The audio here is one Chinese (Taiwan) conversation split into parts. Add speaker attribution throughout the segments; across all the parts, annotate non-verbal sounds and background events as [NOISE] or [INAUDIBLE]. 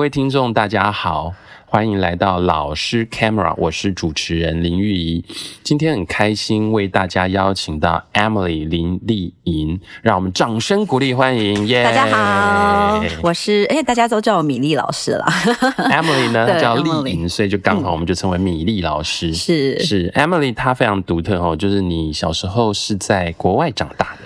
Speaker 1: 各位聽眾，大家好，歡迎來到老師 Camera，我是主持人林育誼。今天很開心為大家邀請到 Emily 林俐吟，讓我們掌聲鼓勵歡迎。耶、yeah!！大家好，
Speaker 2: 我是哎、欸，大家都叫我米粒老師了。
Speaker 1: Emily 呢叫俐吟、嗯，所以就剛好我們就稱為米粒老師。是是，Emily 她非常獨特哦，就是你小時候是在國外長大的。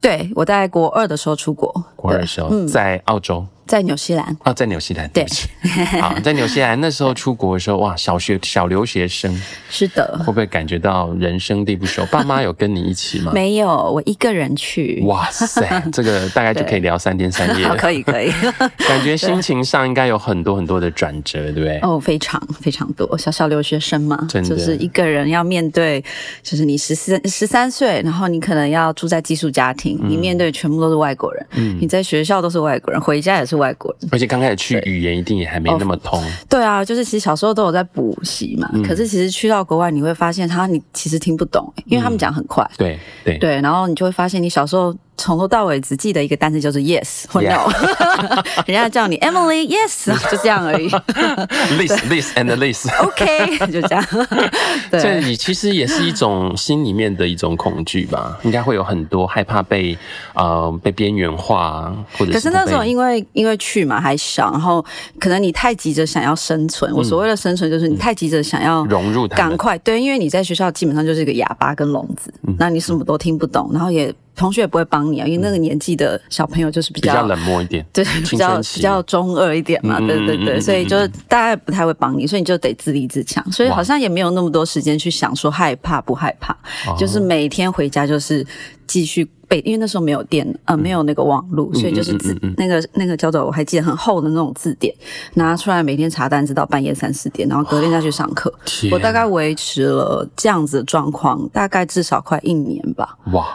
Speaker 2: 對，我在國二的時候出國，
Speaker 1: 國二的時候、嗯、在澳洲。
Speaker 2: 在紐西蘭
Speaker 1: 啊、哦，在紐西蘭對，
Speaker 2: 對， [LAUGHS] 好，
Speaker 1: 在紐西蘭那時候出國的時候，哇，小學小留學生是的，會不會感覺到人生地不熟？爸媽有跟你一起嗎？ [LAUGHS] 沒
Speaker 2: 有，我一個人去。 [LAUGHS] 哇塞，
Speaker 1: 這個大概就可以聊三天三夜。 [LAUGHS] 可以可以， [LAUGHS] 感覺心情上應該有很多很多的轉折，
Speaker 2: 對不對？哦、oh，非常非常多，小小留學生嘛，真的，就是一個人要面對，就是你十四十三歲，然後你可能要住在寄宿家庭，你面對全部都是外國人，嗯、你在學校都是外國人，嗯、回家也是。外
Speaker 1: 國人，而且剛開始去語言一定也還沒那麼通。
Speaker 2: 對、oh, 對啊，就是其實小時候都有在補習嘛、嗯。可是其實去到國外，你會發現他你其實聽不懂、嗯，因為他們講很快。對對對，然後你就會發現你小時候。從頭到尾只記得一個單詞，叫做 yes 或 no。Yeah. [LAUGHS] 人家叫你 Emily，yes， [LAUGHS] 就這樣而已。This,
Speaker 1: this, and this. OK，就這樣。 [LAUGHS] 對，你其實也是一種心裡面的一種恐懼吧？應該會有很多害怕被嗯、呃、被邊緣化，或者是可是那種因
Speaker 2: 為因為去嘛還小，然後可能你太急着想要生存。嗯、我所謂的生存就是你太急着想要趕、嗯、融入，趕快對，因為你在學校基本上就是一個啞巴跟聾子、嗯，那你什麼都聽不懂，然後也。同學也不會幫你啊，因為那個年紀的小朋友就是比較,比較冷漠
Speaker 1: 一點，對， [LAUGHS] 比較比較
Speaker 2: 中二一點嘛，對對對，嗯嗯嗯、所以就是大家不太會幫你、嗯，所以你就得自立自強，所以好像也沒有那麼多時間去想說害怕不害怕，就是每天回家就是繼續背，因為那時候沒有電呃沒有那個網絡、嗯，所以就是字、嗯嗯嗯、那個那個叫做我還記得很厚的那種字典拿出來，每天查單詞到半夜三四點，然後隔天再去上課、啊。我大概維持了這樣子的狀況，大概至少快一年吧。
Speaker 1: 哇。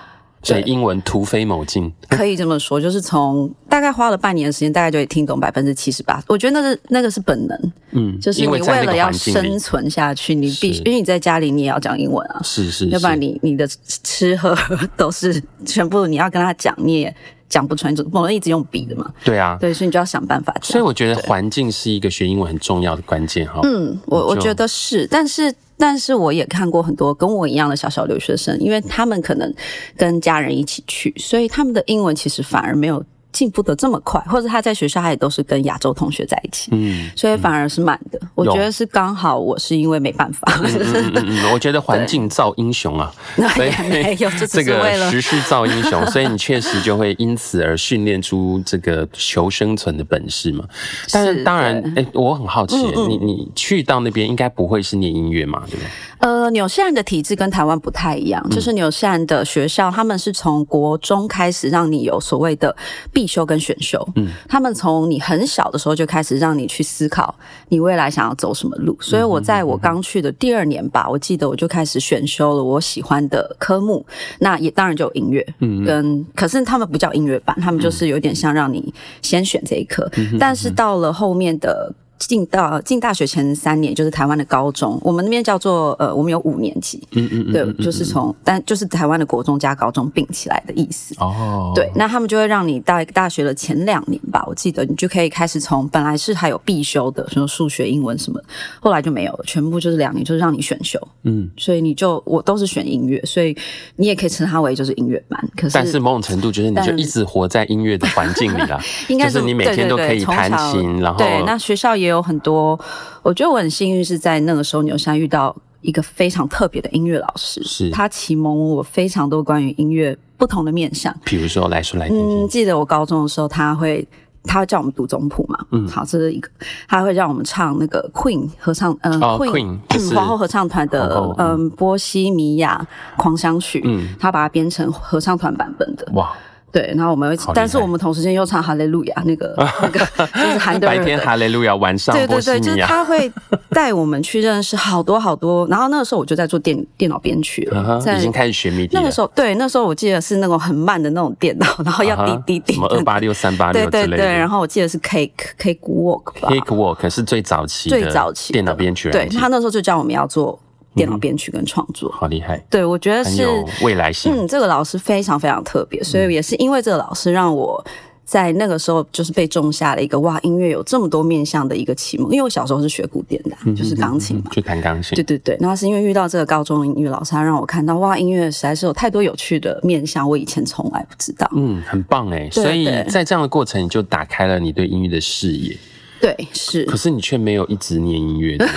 Speaker 1: 對，英文突飛猛進，
Speaker 2: 可以這麼說，就是從大概花了半年的時間，大概就聽懂百分之七十八。我覺得那是、個、那個是本能，嗯，就是你為了要生存下去，你必須因為你在家裡你也要講英文啊，是是，是，要不然你你的吃喝、喝都是全部你要跟他講，你也講不穿，就不能一直用筆的嘛，對啊，對，所以你就要想辦法。所
Speaker 1: 以我覺得環境是一個學英文很重要的關鍵哈。嗯，我我覺得
Speaker 2: 是，但是。但是我也看過很多跟我一樣的小小留學生，因為他們可能跟家人一起去，所以他們的英文其實反而沒有。進步得這麼快，或者他在學校他也都是跟亞洲同學在一起，嗯，嗯，所以反而是慢的。我覺得是剛好我是因為沒辦法、嗯
Speaker 1: 嗯嗯，我覺得環境造英雄啊，沒
Speaker 2: 有這個時
Speaker 1: 勢造英雄，所以你確實就會因此而訓練出這個求生存的本事嘛。但是當然，哎、欸，我很好奇，嗯、你你去到那邊應該不會是念音樂嘛？對
Speaker 2: 吧對？呃，紐西蘭的體制跟台灣不太一樣，就是紐西蘭的學校，他們是從國中開始讓你有所謂的必。必修跟選修，嗯，他們從你很小的時候就開始讓你去思考你未來想要走什麼路。所以，我在我剛去的第二年吧，我記得我就開始選修了我喜歡的科目，那也當然就有音樂，嗯，跟可是他們不叫音樂班，他們就是有點像讓你先選這一科，但是到了後面的。進到進大學前三年就是台灣的高中，我們那邊叫做呃，我們有五年級，嗯嗯，嗯，嗯，嗯，嗯，對，就是從但就是台灣的國中加高中併起來的意思，哦，對，那他們就會讓你到一個大學的前兩年吧，我記得你就可以開始從本來是還有必修的，什麼數學、英文什麼，後來就沒有了，全部就是兩年，就是讓你選修，嗯，所以你就我都是選音樂，所以你也可以稱它為就是音樂班，可是但是
Speaker 1: 某種程度就是你就一直活在音樂的環境裡了， [LAUGHS] 應該、就是你每天都可以彈琴，對對對對，然後對，
Speaker 2: 那學校也。也有很多，我覺得我很幸運是在那個時候，你有幸遇到一個非常特別的音樂老師，是他啟蒙我非常多關於音樂不同的面向。
Speaker 1: 比如說來說來，說來說嗯，
Speaker 2: 記得我高中的時候，他會，他會叫我們讀總譜嘛。嗯，好，這是一個，他會讓我們唱那個 Queen 合唱，呃 oh，Queen，嗯 Queen、嗯、皇後合唱團的，嗯，波西米亞狂想曲，嗯，他把它編成合唱團版本的，哇。對，然後我們，但是我們同時間又唱哈雷路亞，那個那個
Speaker 1: 就是韓德白天哈雷路亞，晚上對對對，就是他
Speaker 2: 會帶我們去認識好多好多。然後那個時候我就在做電電腦編曲了，已經開始學 m 那個時候，對，那時候我記得是那種很慢的那種電腦，然後要滴滴
Speaker 1: 滴，什麼二八六三八六，對對對，然
Speaker 2: 後我記得是 cake cake w a l k
Speaker 1: c a k e w a l k 是最早期最早期電腦編曲，對他
Speaker 2: 那時候就教我們要做。電腦編曲跟創作，好厲害！對，我覺得是未來性。嗯，這個老師非常非常特別，所以也是因為這個老師讓我在那個時候就是被種下了一個哇，音樂有這麼多面向的一個啟蒙。因為我小時候是學古典的，
Speaker 1: 嗯、就是鋼琴嘛，嗯、就彈鋼琴。
Speaker 2: 對對對，那是因為遇到這個高中的音樂老師，他讓我看到哇，音樂實在是有太多有趣的面向，我以前從來不知道。嗯，很
Speaker 1: 棒誒。所以在這樣的過程你就打開了你對音樂的視野。對，是。可是你卻沒有一直念音樂。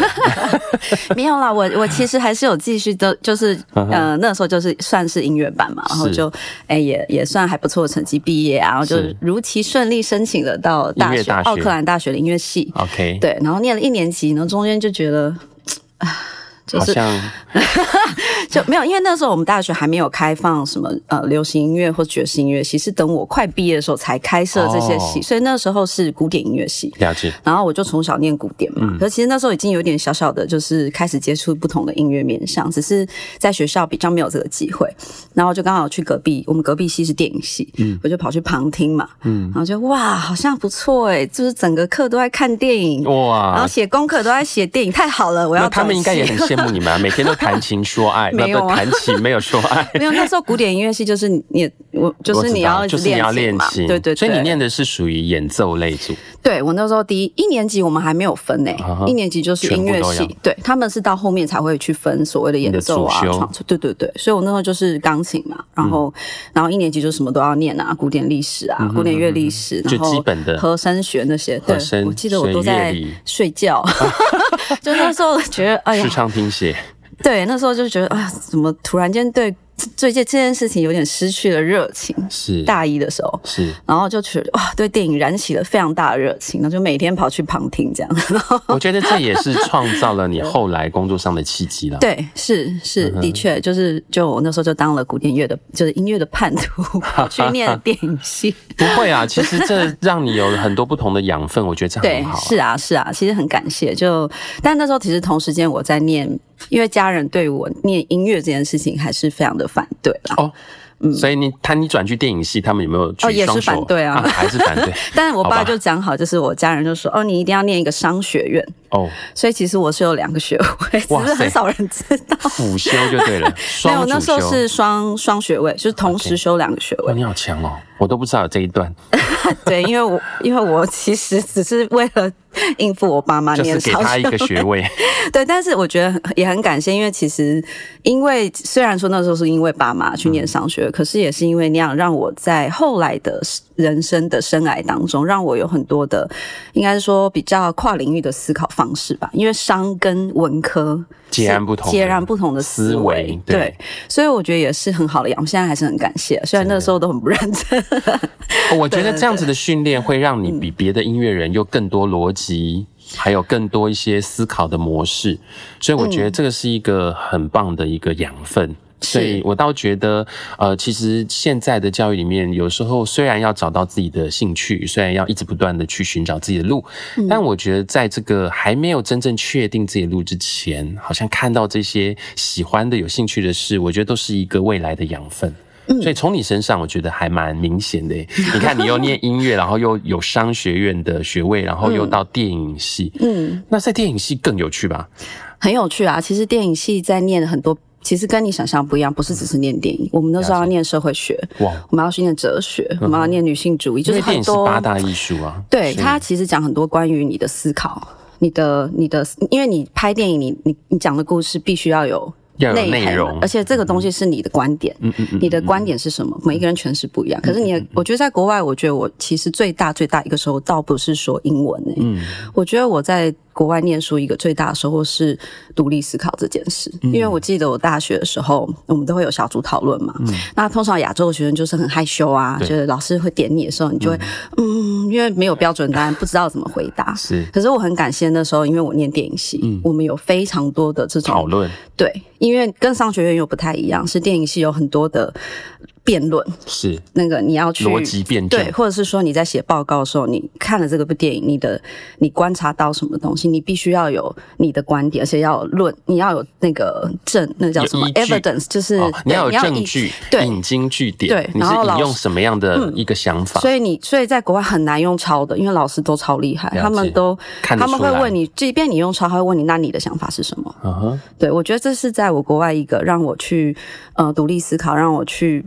Speaker 2: [LAUGHS] 沒有啦，我我其實還是有繼續的，就是呃那時候就是算是音樂班嘛，然後就哎、欸、也也算還不錯的成績畢業，然後就如期順利申請了到大學奧克蘭大學的音樂系。OK，對，然後念了一年級，然後中間就覺得。就是好像、啊， [LAUGHS] 就沒有，因為那時候我們大學還沒有開放什麼呃流行音樂或爵士音樂系，是等我快畢業的時候才開設這些系、哦，所以那時候是古典音樂系。了解。然後我就從小念古典嘛、嗯，可是其實那時候已經有點小小的就是開始接觸不同的音樂面向，只是在學校比較沒有這個機會，然後就剛好去隔壁，我們隔壁系是電影系，嗯，我就跑去旁聽嘛，嗯，然後就哇，好像不錯哎、欸，就是整個課都在看電影，哇，然後寫功課都在寫電影，太好了，我要。那他們應該也很 [LAUGHS] 羨慕
Speaker 1: 你們、啊、每天都談情說愛， [LAUGHS] 沒有啊？談情沒有說愛， [LAUGHS] 沒有。那時候
Speaker 2: 古典音樂系就是你我，就是你要就是你要練琴，對，對對。所以你
Speaker 1: 念的是屬於演奏類組。
Speaker 2: 對，我那時候第一一年級我們還沒有分呢、欸。Uh-huh, 一年級就是音樂系，對，他們是到後面才會去分所謂的演奏啊，創、對對對。所以我那時候就是鋼琴嘛，然後、嗯、然後一年級就什麼都要念啊，古典歷史啊，嗯嗯嗯嗯古典樂歷史，然後和聲學那些對、和聲學樂理。對。我記得我都在睡覺， [LAUGHS] [LAUGHS] [LAUGHS] 就那時候覺得哎呀。 [LAUGHS] 對，那時候就覺得啊，怎麼突然間對，最近這件事情有點失去了熱情。是大一的時候，是然後就覺得哇，對電影燃起了非常大的熱情，然後就每天跑去旁聽這樣。我覺得這也
Speaker 1: 是創造了你後來工作上的契機了。 [LAUGHS] 對，
Speaker 2: 是是的確，就是就我那時候就當了古典樂的，就是音樂的叛徒， [LAUGHS] 去念電影系。 [LAUGHS] 不會啊，其實這
Speaker 1: 讓你有很多不同的養分， [LAUGHS] 我覺得這很好啊。
Speaker 2: 對，是啊是啊，其實很感謝。就但那時候其實同時間我在念，因為家人對我念音樂這件事情還是非常的。反
Speaker 1: 對了哦，嗯，所以你他你轉去電影系，他們有沒有去、哦？也是反對啊，啊還是反對。 [LAUGHS] 但是我爸就
Speaker 2: 講好，就是我家人就說，哦，你一定要念一個商學院哦。所以其實我是有兩個學位，只是很少人知道，輔修就對了。 [LAUGHS] 沒有，我那時候是雙雙學位，就是同時修兩個學位。Okay. 哦、
Speaker 1: 你好強哦。我都不知道有這一段
Speaker 2: [LAUGHS] 對，因為我因為我其實只是為了應付我爸媽念商學。就是，給他一個學位。 [LAUGHS] 對，但是我覺得也很感謝，因為其實因為雖然說那時候是因為爸媽去念商學，嗯，可是也是因為那樣讓我在後來的人生的生涯當中，讓我有很多的，應該說比較跨領域的思考方式吧。因為商跟文科，
Speaker 1: 截然不同，截然不同的思維，的思維對，對，
Speaker 2: 所以我覺得也是很好的養，我現在還是很感謝，雖然那個時候都很不認真，
Speaker 1: 真。 [LAUGHS] 我覺得這樣子的訓練會讓你比別的音樂人有更多邏輯、嗯，還有更多一些思考的模式，所以我覺得這個是一個很棒的一個養分。嗯所以我倒覺得，呃，其實現在的教育裡面，有時候雖然要找到自己的興趣，雖然要一直不斷的去尋找自己的路，嗯，但我覺得在這個還沒有真正確定自己的路之前，好像看到這些喜歡的、有興趣的事，我覺得都是一個未來的養分，嗯。所以從你身上，我覺得還蠻明顯的，欸。你看，你又念音樂， [LAUGHS] 然後又有商學院的學位，然後又到電影系，嗯，那在電影系更有趣吧？
Speaker 2: 很有趣啊！其實電影系在念很多。其實跟你想象不一樣，不是只是念電影，嗯、我們都知道要念社會學哇，我們要去念哲學，我們要念女性主義，嗯、就是很多電影是八大藝術啊。對，它其實講很多關於你的思考，你的你的，因為你拍電影，你你你講的故事必須要有內容，要有內容，而且這個東西是你的觀點，嗯嗯，你的觀點是什麼？嗯嗯嗯、每一個人詮釋不一樣。嗯、可是你、嗯，我覺得在國外，我覺得我其實最大最大一個時候，倒不是說英文呢、欸，嗯，我覺得我在。國外念書一個最大的收穫是獨立思考這件事，因為我記得我大學的時候，我們都會有小組討論嘛。那通常亞洲的學生就是很害羞啊，就是老師會點你的時候，你就會嗯，因為沒有標準答案，不知道怎麼回答。是，可是我很感謝那時候，因為我念電影系，我們有非常多的這種討論。對，因為跟商學院又不太一樣，是電影系有很多的。辯論，是那個你要去邏輯辯證，對，或者是說你在寫報告的時候，你看了這部電影，你的你觀察到什麼東西，你必須要有你的觀點，而且要論，你要有那個證，那個叫什麼 evidence，就是、哦、你要有證
Speaker 1: 據，引經據典。對，然後你是用什麼樣的一個想法？嗯、所
Speaker 2: 以你所以在國外很難用抄的，因為老師都超厲害，他們都他們會問你，即便你用抄，他會問你，那你的想法是什麼？啊、uh -huh. 對，我覺得這是在我國外一個讓我去呃獨立思考，讓我去。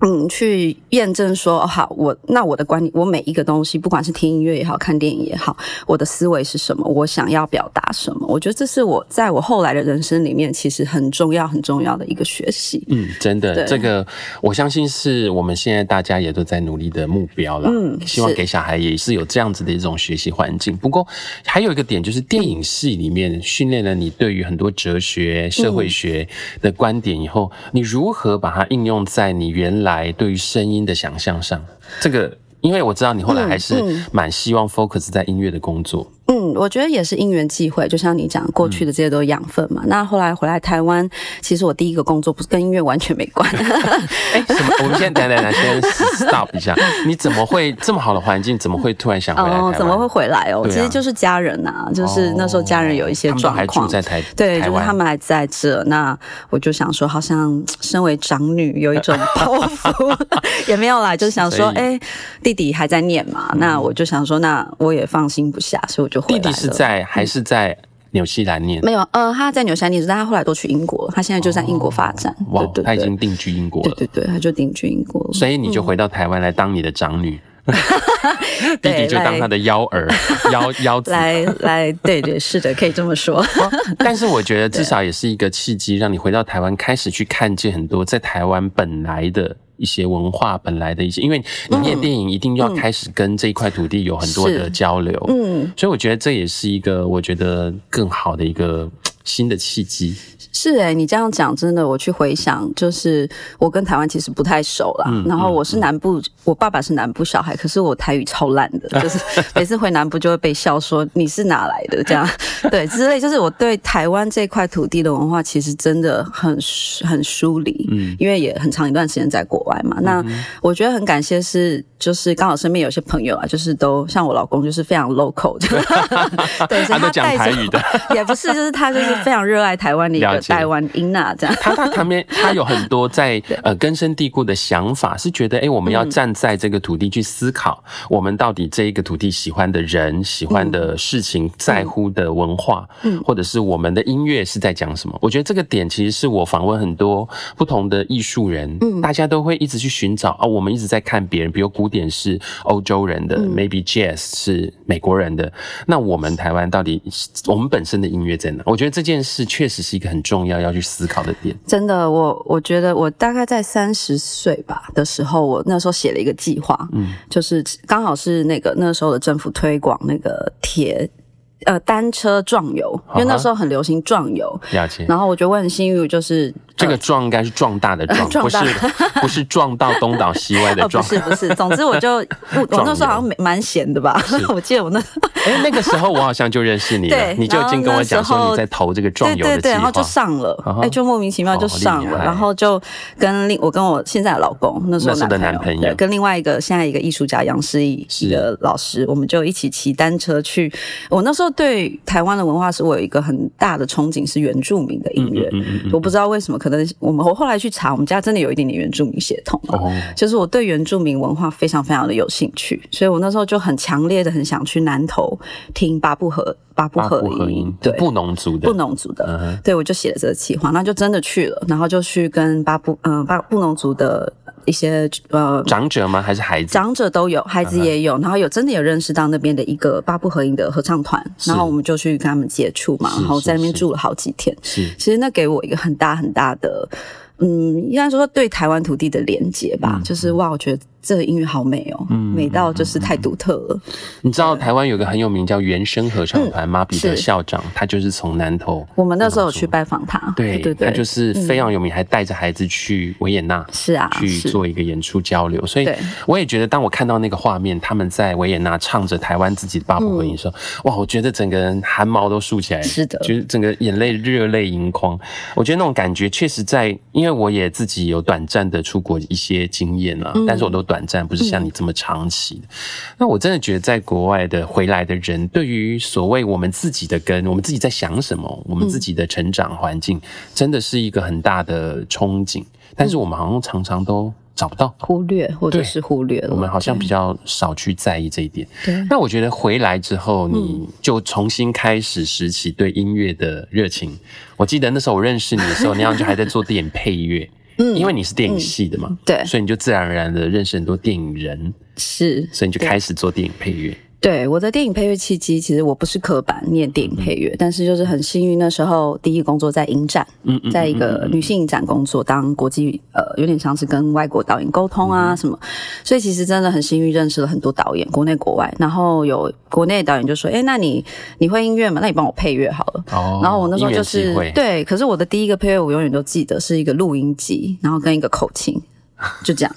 Speaker 2: 嗯，去驗證說，哦，好，我那我的觀點，我每一個東西，不管是聽音樂也好，看電影也好，我的思維是什麼，我想要表達什麼？我覺得這是我在我後來的人生裡面，其實很重要、很重要的一個學習。嗯，
Speaker 1: 真的，這個我相信是我們現在大家也都在努力的目標了。嗯，希望給小孩也是有這樣子的一種學習環境。不過還有一個點就是，電影系裡面訓練了你對於很多哲學、社會學的觀點以後，嗯、你如何把它應用在你原來。來，對於聲音的想象上，這個，因為我知道你後來還是蠻希望 focus 在音樂的工作。嗯，嗯。
Speaker 2: 嗯，我覺得也是因緣際會，就像你講，過去的這些都是養分嘛，嗯。那後來回來台灣，其實我第一個工作不是跟音樂完全沒關。哎 [LAUGHS] 什麼， [LAUGHS] 什麼？我們先等來等，先 stop 一
Speaker 1: 下。你怎麼會這麼好的環境？怎麼會突然想回來
Speaker 2: 哦，怎麼會回來哦？啊，其實就是家人吶，啊，就是那時候家人有一些狀況。還住在台。對，如、就、果、是、他們還在這，那我就想說，好像身為長女有一種包袱 [LAUGHS] [LAUGHS] 也沒有啦，就想說，哎，欸，弟弟還在念嘛，嗯，那我就想說，那我也放心不下，所以我就。弟弟是在還是在紐西蘭念、嗯？沒有，呃，他在紐西蘭念，但他後來都去英國，他現在就在英國發展、哦。哇，他已經定居英國了。對對對，他就定居英國，對對對，他就定居英國了。所以你就回
Speaker 1: 到台灣來當你的長女。嗯
Speaker 2: [LAUGHS] 弟弟就當他的
Speaker 1: 幺兒，幺 [LAUGHS] 幺子 [LAUGHS]
Speaker 2: 來來，對對是的，可以這麼說 [LAUGHS] 、
Speaker 1: 哦。但是我覺得至少也是一個契機，讓你回到台灣，開始去看見很多在台灣本來的一些文化，本來的一些，因為你演電影一定要開始跟這一塊土地有很多的交流。嗯，所以我覺得這也是一個我覺得更好的一個新的契機。
Speaker 2: 是哎、欸，你這樣講真的，我去回想，就是我跟台灣其實不太熟啦，然後我是南部，我爸爸是南部小孩，可是我台語超爛的，就是每次回南部就會被笑說你是哪來的這樣，對之類。就是我對台灣這塊土地的文化其實真的很很疏離，因為也很長一段時間在國外嘛。那我覺得很感謝是，就是剛好身邊有些朋友啊，就是都像我老公就是非常 local， [LAUGHS] [LAUGHS] 對，所以
Speaker 1: 他帶着講台語的 [LAUGHS] ，
Speaker 2: 也不是，就是他就是非常熱愛台灣的一個。台灣音娜這
Speaker 1: 樣。他他旁邊，他有很多在呃根深蒂固的想法，是覺得哎，我們要站在這個土地去思考，我們到底這一個土地喜歡的人、喜歡的事情、在乎的文化，嗯，或者是我們的音樂是在講什麼？我覺得這個點其實是我訪問很多不同的藝術人，嗯，大家都會一直去尋找啊，我們一直在看別人，比如古典是歐洲人的，maybe jazz 是美國人的，那我們台灣到底我們本身的音樂在哪？我覺得這件事確實是一個很重。重要要去思考的點，
Speaker 2: 真的，我我覺得我大概在三十歲吧的時候，我那時候寫了一個計劃，嗯，就是剛好是那個那時候的政府推廣那個鐵。呃，單車壯遊。因為那時候很流行壯遊。啊、然後我覺得我很幸運，就是
Speaker 1: 這個壯應該是壯大的壯、呃，不是 [LAUGHS] 不是撞到東倒西歪的撞、哦，不是不是。總之我
Speaker 2: 就我，我那時候好像蠻閒的吧， [LAUGHS] 我記得我那哎
Speaker 1: 那個時候我好像就認識你了對，你就已經跟我講說你在投這個壯遊的計劃。的對，對，對，對，然後就上了，哎、啊、就
Speaker 2: 莫名其妙就上了，哦、然後就跟另我跟我現在的老公那時，我那時候的男朋友，跟另外一個現在一個藝術家楊詩怡的老師，我們就一起騎單車去，我那時候。對台灣的文化史，我有一個很大的憧憬，是原住民的音樂。我不知道為什麼，可能我們我後來去查，我們家真的有一點點原住民血統。就是我對原住民文化非常非常的有興趣，所以我那時候就很強烈的很想去南投聽八部合音。八部合,合音，對，布農族的，布農族的，嗯、對我就寫了這個企劃，那就真的去了，然後就去跟巴、呃、布，嗯，巴布農族的一些呃長
Speaker 1: 者嗎？還是孩子？
Speaker 2: 長者都有，孩子也有，嗯、然後有真的有認識到那邊的一個八部合音的合唱團，然後我們就去跟他們接觸嘛，然後在那邊住了好幾天。是,是,是，其實那給我一個很大很大的，嗯，應該說對台灣土地的連結吧、嗯，就是哇，我覺得。這個音樂好美哦、嗯，美到就是太獨特了。
Speaker 1: 嗯、你知道台灣有個很有名叫原聲合唱團馬彼得校長，他就是
Speaker 2: 從南投。我們那時候有去拜訪他，對，對對對，他就是
Speaker 1: 非常有名，嗯、還帶着孩子去維也納，是啊，去做一個演出交流。所以我也覺得，當我看到那個畫面，他們在維也納唱着台灣自己的八部合音的時候、嗯，哇，我覺得整個人汗毛都豎起來，是的，就是整個眼淚熱淚盈眶。我覺得那種感覺確實在，因為我也自己有短暫的出國一些經驗啊、嗯，但是我都。短暫不是像你這麼長期的。嗯、那我真的覺得，在國外的回來的人，對於所謂我們自己的根，我們自己在想什麼，我們自己的成長環境，嗯、真的是一個很大的憧憬。但是我們好像常常都找不到，忽略或者是忽略了。我們好像比較少去在意這一點。那我覺得回來之後，你就重新開始拾起對音樂的熱情。嗯、我記得那時候我認識你的時候， [LAUGHS] 你好像就還在做電影配樂。嗯，因為你是電影系的嘛，嗯嗯，對，所以你就自然而然的認識很多電影人，是，所以你就開始做電影配樂。
Speaker 2: 對，我的電影配樂契機，其實我不是科班念電影配樂，嗯，但是就是很幸運，那時候第一個工作在影展，嗯嗯，嗯，在一個女性影展工作，當國際呃，有點像是跟外國導演溝通啊、嗯、什麼，所以其實真的很幸運認識了很多導演，國內國外，然後有國內導演就說，哎、嗯，那你你會音樂嗎？那你幫我配樂好了。哦。然後我那時候就是對，可是我的第一個配樂，我永遠都記得是一個錄音機，然後跟一個口琴，就這樣，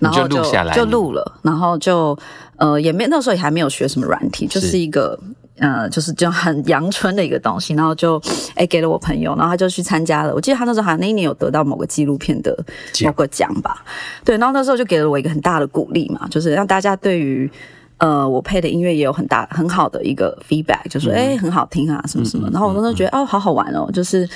Speaker 2: 然後就 [LAUGHS] 就，錄下來就錄了，然後就。呃，也沒，那時候也還沒有學什麼軟體，就是一個，呃，就是就很陽春的一個東西，然後就，哎、欸，給了我朋友，然後他就去參加了。我記得他那時候好像那一年有得到某個紀錄片的某個獎吧，對，然後那時候就給了我一個很大的鼓勵嘛，就是讓大家對於，呃，我配的音樂也有很大很好的一個 feedback，就說、是、哎、嗯嗯欸、很好聽啊什麼什麼。然後我那時候覺得嗯嗯嗯哦好好玩哦，就是。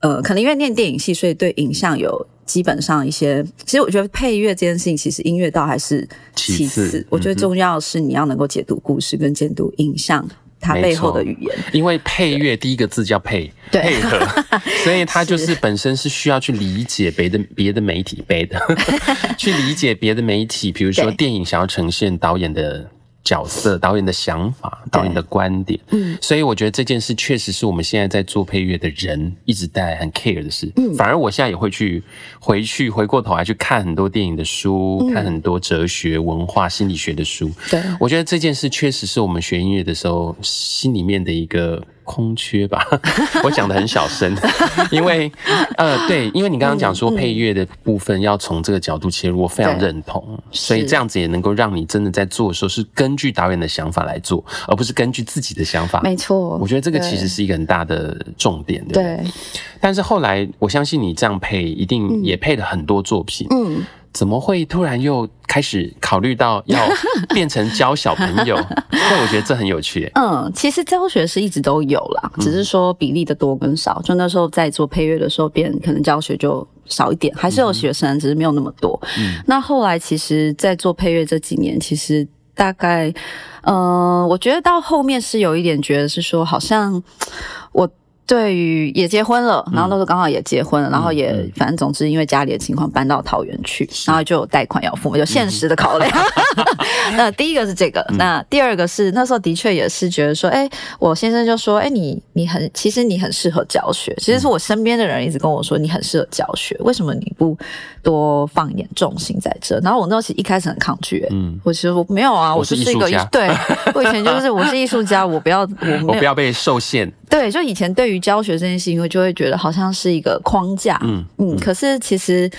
Speaker 2: 呃，可能因為念電影系，所以對影像有基本上一些。其實我覺得配樂這件事情，其實音樂倒還是其次。其次，嗯哼、我覺得重要是你要能夠解讀故事跟解讀影像它背後的語
Speaker 1: 言。因為配樂第一個字叫配，對配合對，所以它就是本身是需要去理解別的別的媒體背的，去理解別的媒體，比如說電影想要呈現導演的。角色導演的想法，導演的觀點，嗯，所以我覺得這件事確實是我們現在在做配樂的人一直帶來很 care 的事。嗯，反而我現在也會去回去回過頭來去看很多電影的書，看很多哲學、文化、心理學的書。對，我覺得這件事確實是我們學音樂的時候心裡面的一個。空缺吧， [LAUGHS] 我講的很小聲 [LAUGHS] [LAUGHS] 因為呃，對，因為你剛剛講說配樂的部分要從這個角度切入，我非常認同，嗯，所以這樣子也能夠讓你真的在做的時候是根據導演的想法來做，而不是根據自己的想法。沒錯，我覺得這個其實是一個很大的重點。對，對。但是後來我相信你這樣配一定也配了很多作品，嗯。嗯怎麼會突然又開始考慮到要變成教小朋友？ [LAUGHS] 那我覺得這很有趣。
Speaker 2: 嗯，其實教學是一直都有啦，只是說比例的多跟少。嗯、就那時候在做配樂的時候，別人可能教學就少一點，還是有學生，嗯、只是沒有那麼多。嗯、那後來其實，在做配樂這幾年，其實大概，嗯、呃，我覺得到後面是有一點覺得是說，好像我。對於也結婚了，然後那時候剛好也結婚了，嗯，然後也反正總之因為家裡的情況搬到桃園去，然後就有貸款要付，就現實的考量。嗯、 [LAUGHS] 那第一個是這個，嗯、那第二個是那時候的確也是覺得說，哎、欸，我先生就說，哎、欸，你你很其實你很適合教學。其實是我身邊的人一直跟我說，你很適合教學，為什麼你不多放一點重心在這？然後我那時候其實一開始很抗拒、欸，嗯，我其實我沒有啊，我就是一個藝術，對，我以前就是我是藝術家， [LAUGHS] 我不要，我沒有，我不要
Speaker 1: 被受限。
Speaker 2: 對，就以前對於教學這件事情，我就會覺得好像是一個框架，嗯嗯，嗯。可是其實，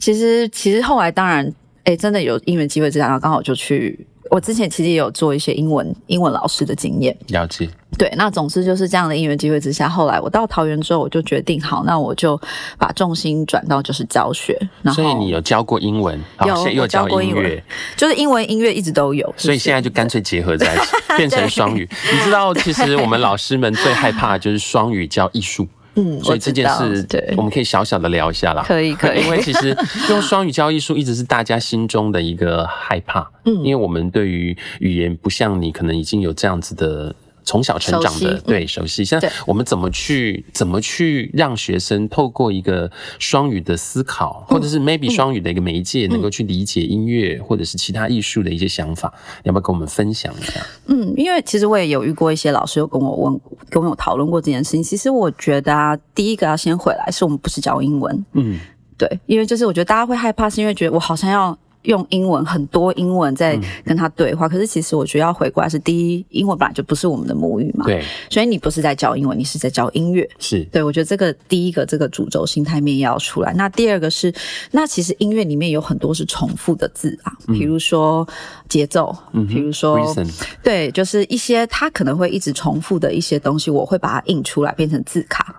Speaker 2: 其實，其實後來當然，哎、欸，真的有因緣機會之下，然後剛好就去。我之前其實也有做一些英文英文老師的經驗，了解。對，那總之就是這樣的因緣機會之下，後來我到桃園之後，我就決定好，那我就把重心轉到就是教學。
Speaker 1: 所以你有教過英文，有、啊、有教，教過音樂，
Speaker 2: 就是英文音樂一直都有。所以現在就
Speaker 1: 乾脆結合在一起，變成雙語。你知道，其實我們老師們最害怕的就是雙語教藝術。嗯，所以這件事，對，我們可以小小的聊一下啦。可以可以，因為其實用雙 [LAUGHS] 語交易術，一直是大家心中的一個害怕。嗯，因為我們對於語言，不像你，可能已經有這樣子的。從小成長的、嗯，對，熟悉。像我們怎麼去怎麼去讓學生透過一個雙語的思考，嗯、或者是 maybe 雙語的一個媒介，能夠去理解音樂、嗯、或者是其他藝術的一些想法、嗯，要不要跟我們分享
Speaker 2: 一下？嗯，因為其實我也有遇過一些老師有跟我問，跟我有討論過這件事情。其實我覺得啊，第一個要先回來，是我們不是教英文。嗯，對，因為就是我覺得大家會害怕，是因為覺得我好像要。用英文，很多英文在跟他對話，嗯、可是其實我覺得要回過來是第一，英文本來就不是我們的母語嘛，對，所以你不是在教英文，你是在教音樂，是對。我覺得這個第一個這個主軸心態面要出來。那第二個是，那其實音樂裡面有很多是重複的字啊，比如說節奏，嗯，比如說，嗯哼、Reason. 對，就是一些他可能會一直重複的一些東西，我會把它印出來變成字卡。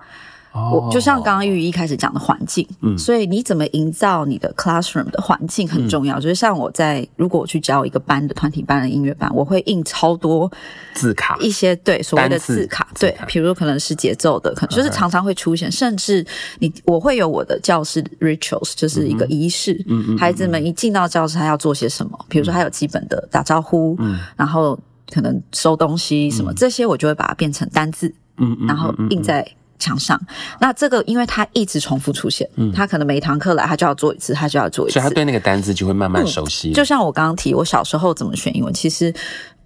Speaker 2: 我就像剛剛育誼一開始講的環境，所以你怎麼營造你的 classroom 的環境很重要。就是像我在如果我去教一個班的團體班的音樂班，我會印超多字卡，一些對所謂的字卡，對，比如可能是節奏的，可能就是常常會出現，甚至你我會有我的教室 rituals，就是一個儀式。嗯，孩子們一進到教室，他要做些什麼？比如說他有基本的打招呼，嗯，然後可能收東西什麼這些，我就會把它變成單字，嗯，然後印在。牆上，那這個因為他一直重複出現，他、嗯、可能每一堂課來他就要做一次，他就要做一
Speaker 1: 次，所以他對那個單字就會慢慢熟悉、嗯。就
Speaker 2: 像我剛剛提，我小時候怎麼學英文，其實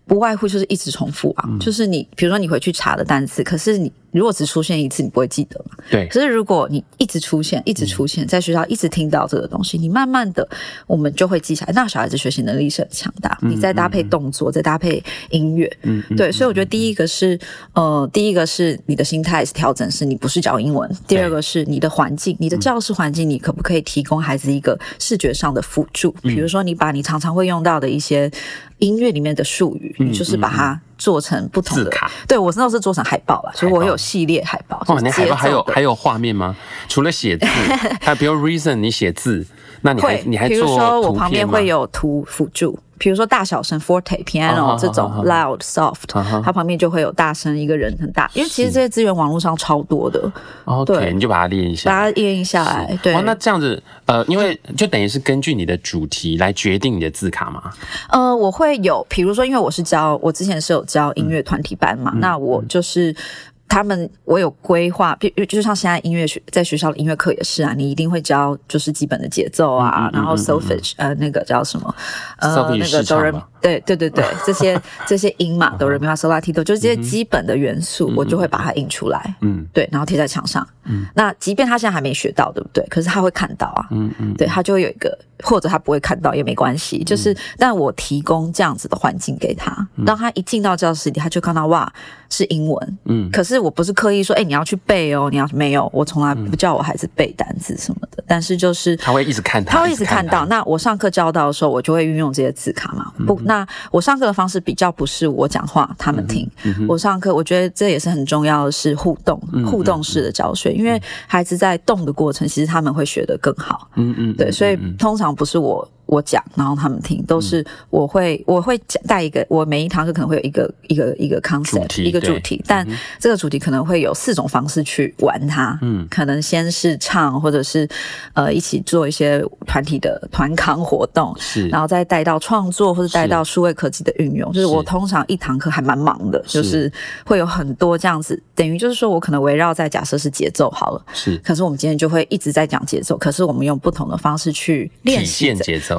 Speaker 2: 不外乎就是一直重複吧、啊嗯。就是你比如說你回去查的單詞，可是你。如果只出現一次，你不會記得嘛？對。可是如果你一直出現，一直出現、嗯、在學校，一直聽到這個東西，你慢慢的，我們就會記起來。那小孩子學習能力是很強大。嗯、你再搭配動作，再、嗯、搭配音樂，嗯，對嗯。所以我覺得第一個是，呃，第一個是你的心態是調整，是你不是教英文。第二個是你的環境，你的教室環境，你可不可以提供孩子一個視覺上的輔助、嗯？比如說，你把你常常會用到的一些音樂裡面的術語，嗯、就是把它。做成不同的字卡，對我知道是做成海報吧，所以我有系列海報。哇，就是、你海報還有
Speaker 1: 還有畫面嗎？除了寫字， [LAUGHS] 還有比如 reason，你寫字。那你還會，比如說我旁邊會有
Speaker 2: 圖輔助，比如說大小聲 forte piano oh, oh, oh, oh, oh, 這種 loud soft，uh -huh, 它旁邊就會有大聲一個人很大，uh -huh, 因為其實這些資源網絡上超多的，對，okay, 你就把它列一下，把它列一下來，對、哦。那這樣子，呃，因為
Speaker 1: 就等於是根據你的主題來決定你的字卡嘛？
Speaker 2: 呃、嗯，我會有，比如說，因為我是教，我之前是有教音樂團體班嘛、嗯，那我就是。他們，我有規劃，就就像現在音樂學，在學校的音樂課也是啊，你一定會教，就是基本的節奏啊，嗯嗯嗯嗯、然後 s o f i e 呃，那個叫什麼，呃、嗯嗯，那個 do re 對對對對， [LAUGHS] 這些這些音嘛，do re mi fa sol la ti do，就是這些基本的元素，我就會把它印出來，嗯，對，然後貼在牆上、嗯。那即便他現在還沒學到，對不對？可是他會看到啊，嗯嗯，對，他就會有一個，或者他不會看到也沒關係，就是、嗯、但我提供這樣子的環境給他、嗯，然後他一進到教室裡，他就看到哇，是英文，嗯，可是。我不是刻意說，哎、欸，你要去背哦？你要沒有，我從來不叫我孩子背單詞什麼的、嗯。但是就是他會一直看他，他會一直看到直看。那我上課教導的時候，我就會運用這些字卡嘛。不、嗯，那我上課的方式比較不是我講話他們聽。嗯嗯、我上課我覺得這也是很重要的是互動，嗯、互動式的教學、嗯，因為孩子在動的過程，其實他們會學得更好。嗯嗯，對嗯，所以通常不是我。我講，然後他們聽，都是我會、嗯、我會講帶一個，我每一堂課可能會有一個一個一個 concept 一個主題，但這個主題可能會有四種方式去玩它，嗯，可能先是唱，或者是呃一起做一些團體的團康活動，是，然後再帶到創作，或者帶到數位科技的運用，就是我通常一堂課還蠻忙的，就是會有很多這樣子，等於就是說我可能圍繞在假設是節奏好了，是，可是我們今天就會一直在講節奏，可是我們用不同的方式去練習節奏。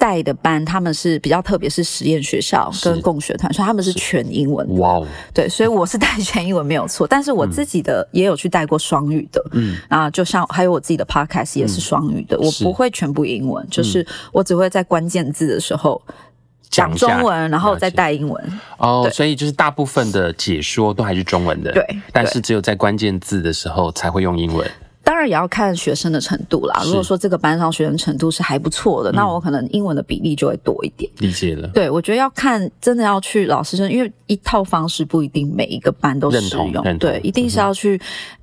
Speaker 2: 帶的班他們是比較特別，是實驗學校跟共學團，所以他們是全英文。哇哦，Wow. 對，所以我是帶全英文沒有錯，但是我自己的也有去帶過雙語的，嗯，啊，就像還有我自己的 podcast 也是雙語的、嗯，我不會全部英文，是就是我只會在關鍵字的時候講中文講，然後再帶英文。
Speaker 1: 哦，所以就是大部分的解說都還是中文的，對，對但是只有在關鍵字的時候才會用英文。
Speaker 2: 當然也要看學生的程度啦。如果說這個班上學生程度是還不錯的，嗯，那我可能英文的比例就會多一點。理解了。對，我覺得要看真的要去老師生，因為一套方式不一定每一個班都適用。認同。認同。對，一定是要去。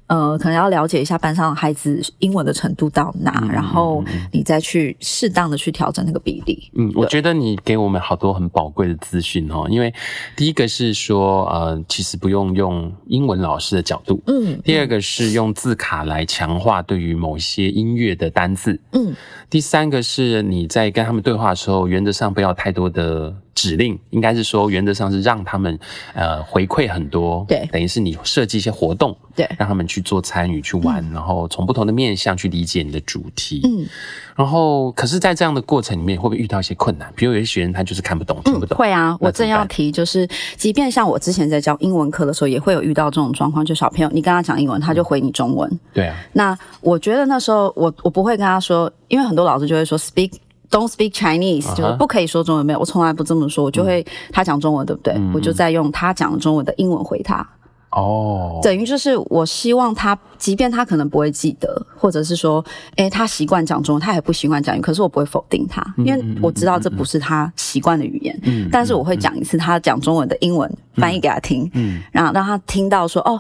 Speaker 2: 呃，可能要了解一下班上孩子英文的程度到哪，嗯，然後你再去適當的去調整那個比例。嗯，
Speaker 1: 我覺得你給我們好多很寶貴的資訊哦。因為第一個是說，呃，其實不用用英文老師的角度，嗯。嗯。第二個是用字卡來強化對於某些音樂的單字。嗯。第三個是你在跟他們對話的時候，原則上不要太多的。指令應該是說，原則上是讓他們呃回饋很多，對，等於是你設計一些活動，對，讓他們去做參與去玩，嗯、然後從不同的面向去理解你的主題，嗯，然後可是，在這樣的過程裡面，會不會遇到一些困難？比如有些學生他就是看不懂、嗯、
Speaker 2: 聽不懂，會啊。我正要提，就是即便像我之前在教英文課的時候，也會有遇到這種狀況，就小朋友你跟他講英文，他就回你中文、嗯，對啊。那我覺得那時候我我不會跟他說，因為很多老師就會說 speak。Don't speak Chinese，uh -huh. 就是不可以說中文沒有。我從來不這麼說，我就會他講中文，對不對？Mm -hmm. 我就再用他講中文的英文回他。哦、oh. 等於就是我希望他，即便他可能不會記得，或者是說，誒、哎、他習慣講中文，他也不習慣講語，可是我不會否定他，因為我知道這不是他習慣的語言。Mm -hmm. 但是我會講一次他講中文的英文、mm -hmm. 翻譯給他聽。嗯，然後讓他聽到說，哦。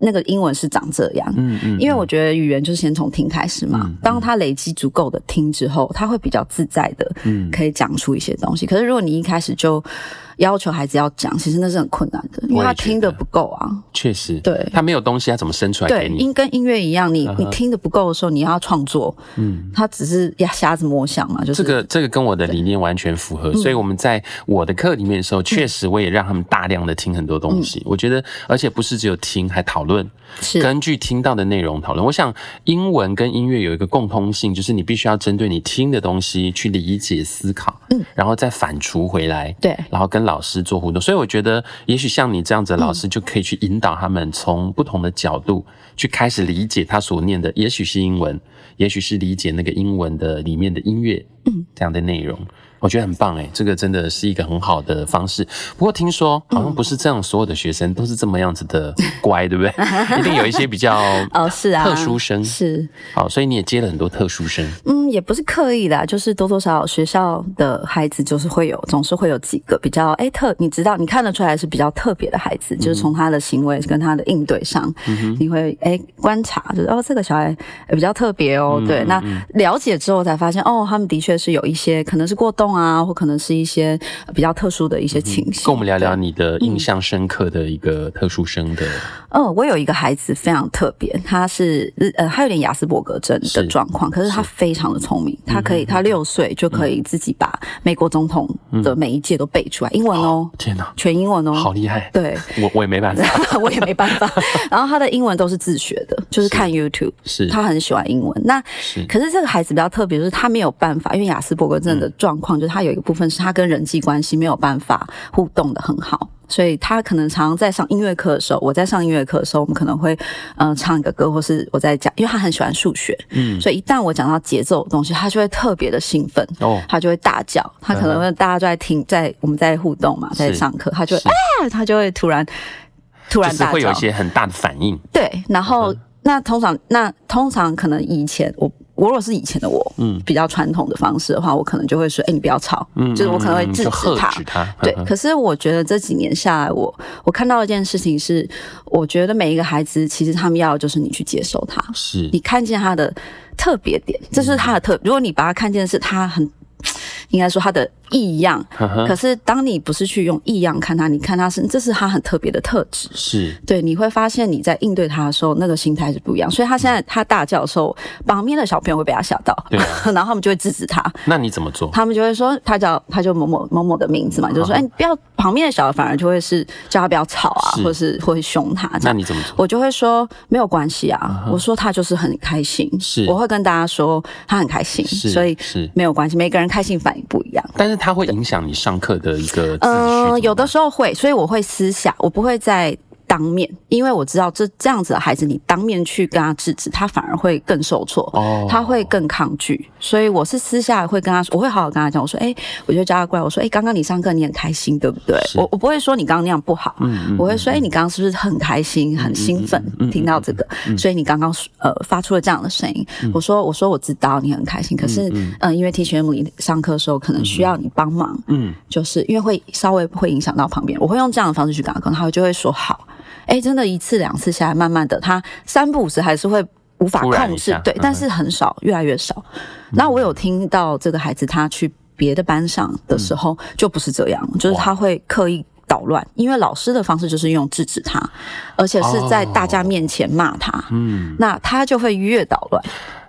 Speaker 2: 那個英文是長這樣，嗯嗯，因為我覺得語言就是先從聽開始嘛，嗯嗯，當他累積足夠的聽之後，他會比較自在的，可以講出一些東西。可是如果你一開始就，要求孩子要講，其實那是很困難的，因為他聽的不夠啊。
Speaker 1: 確實，對，他沒有東西，他怎麼生出來給你？音
Speaker 2: 跟音樂一樣，你、啊、你聽的不夠的時候，你要創作。嗯，他只是瞎子摸象嘛，就是。這
Speaker 1: 個這個跟我的理念完全符合，所以我們在我的課裡面的時候，確、嗯、實我也讓他們大量的聽很多東西。嗯、我覺得，而且不是只有聽，還討論，是。根據聽到的內容討論。我想，英文跟音樂有一個共通性，就是你必須要針對你聽的東西去理解思考，嗯，然後再反芻回來，對，然後跟。老師做互動，所以我覺得，也許像你這樣子的老師，就可以去引導他們，從不同的角度去開始理解他所念的，也許是英文，也許是理解那個英文的裡面的音樂這樣的內容。我覺得很棒哎、欸，這個真的是一個很好的方式。不過聽說好像不是這樣、嗯，所有的學生都是這麼樣子的乖，對不對？ [LAUGHS] 一定有一些比較哦，是啊，特殊生是好，所以你也
Speaker 2: 接了很多特殊生。嗯，也不是刻意的，就是多多少少學校的孩子就是會有，總是會有幾個比較哎、欸、特。你知道，你看得出來是比較特別的孩子，嗯、就是從他的行為跟他的應對上，嗯、你會哎、欸、觀察，就是哦這個小孩也比較特別哦。對嗯嗯嗯，那了解之後才發現哦，他們的確是有一些可能是過動。啊，或可能是一些比較特殊的一些情形，
Speaker 1: 跟、嗯、我們聊聊你的印象深刻的一個特殊生的。
Speaker 2: 哦、嗯呃，我有一個孩子非常特別，他是呃，他有點亞斯伯格症的狀況，可是他非常的聰明，他可以、嗯、他六歲就可以自己把美國總統的每一屆都背出來，英文哦，哦天哪，全英文哦，好厲害。對，
Speaker 1: 我我也沒辦法，
Speaker 2: 我也沒辦法。 [LAUGHS] 辦法 [LAUGHS] 然後他的英文都是自學的，就是看 YouTube，是他很喜歡英文。是那是可是這個孩子比較特別，就是他沒有辦法，因為亞斯伯格症的狀況。就他有一個部分是他跟人際關係沒有辦法互動得很好，所以他可能常常在上音樂課的時候，我在上音樂課的時候，我們可能會嗯、呃、唱一個歌，或是我在講，因為他很喜歡數學，嗯，所以一旦我講到節奏的東西，他就會特別的興奮，哦，他就會大叫，他可能大家都在聽，在我們在互動嘛，在上課，他就會啊，他就會突然突然會有一些
Speaker 1: 很大的反應，
Speaker 2: 對，然後那通常那通常可能以前我。我如果是以前的我，嗯，比較傳統的方式的話、嗯，我可能就會說，哎、欸，你不要吵、嗯，就是我可能會制止他，嗯、制止他，對，呵呵。可是我覺得這幾年下來我，我我看到的一件事情是，我覺得每一個孩子其實他們要的就是你去接受他，是你看見他的特別點，這是他的特、嗯。如果你把他看見的是他很，應該說他的。異樣，可是當你不是去用異樣看他，你看他是這是他很特別的特質，是，對，你會發現你在應對他的時候那個心態是不一樣，所以他現在他大叫的時候，嗯、旁邊的小朋友會被他嚇到，對、嗯、然後他們，他，對、啊、他們就會制止他，那你怎麼做？他們就會說他叫他就某某某某的名字嘛，嗯、就是說哎，你不要，旁邊的小孩反而就會是叫他不要吵啊，是，或是會凶他這樣，那你怎麼做？我就會說沒有關係啊、嗯，我說他就是很開心，是，我會跟大家說他很開心，是，所以是沒有關係，每個人開心反應不一樣，但是。它會影
Speaker 1: 響你上課的一個秩序，
Speaker 2: 呃、有的時候會，所以我會私下，我不會在。當面，因為我知道這這樣子的孩子，你當面去跟他制止，他反而會更受挫，他會更抗拒。所以我是私下會跟他說，我會好好跟他講，我說，誒，我就叫他過來，我說，誒，剛剛你上課你很開心，對不對？我我不會說你剛剛那樣不好，我會說，誒，你剛剛是不是很開心，很興奮，聽到這個？所以你剛剛呃發出了這樣的聲音。我說，我說我知道你很開心，可是，嗯，因為 teacher 米粒上課的時候可能需要你幫忙，嗯，就是因為會稍微會影響到旁邊，我會用這樣的方式去跟他講，他就會說好。哎，真的，一次兩次下來，慢慢的，他三不五時還是會無法控制，嗯、對，但是很少，越來越少、嗯。那我有聽到這個孩子他去別的班上的時候，嗯、就不是這樣，就是他會刻意搗亂，因為老師的方式就是用制止他，而且是在大家面前罵他，哦、他嗯，那他就會越搗亂。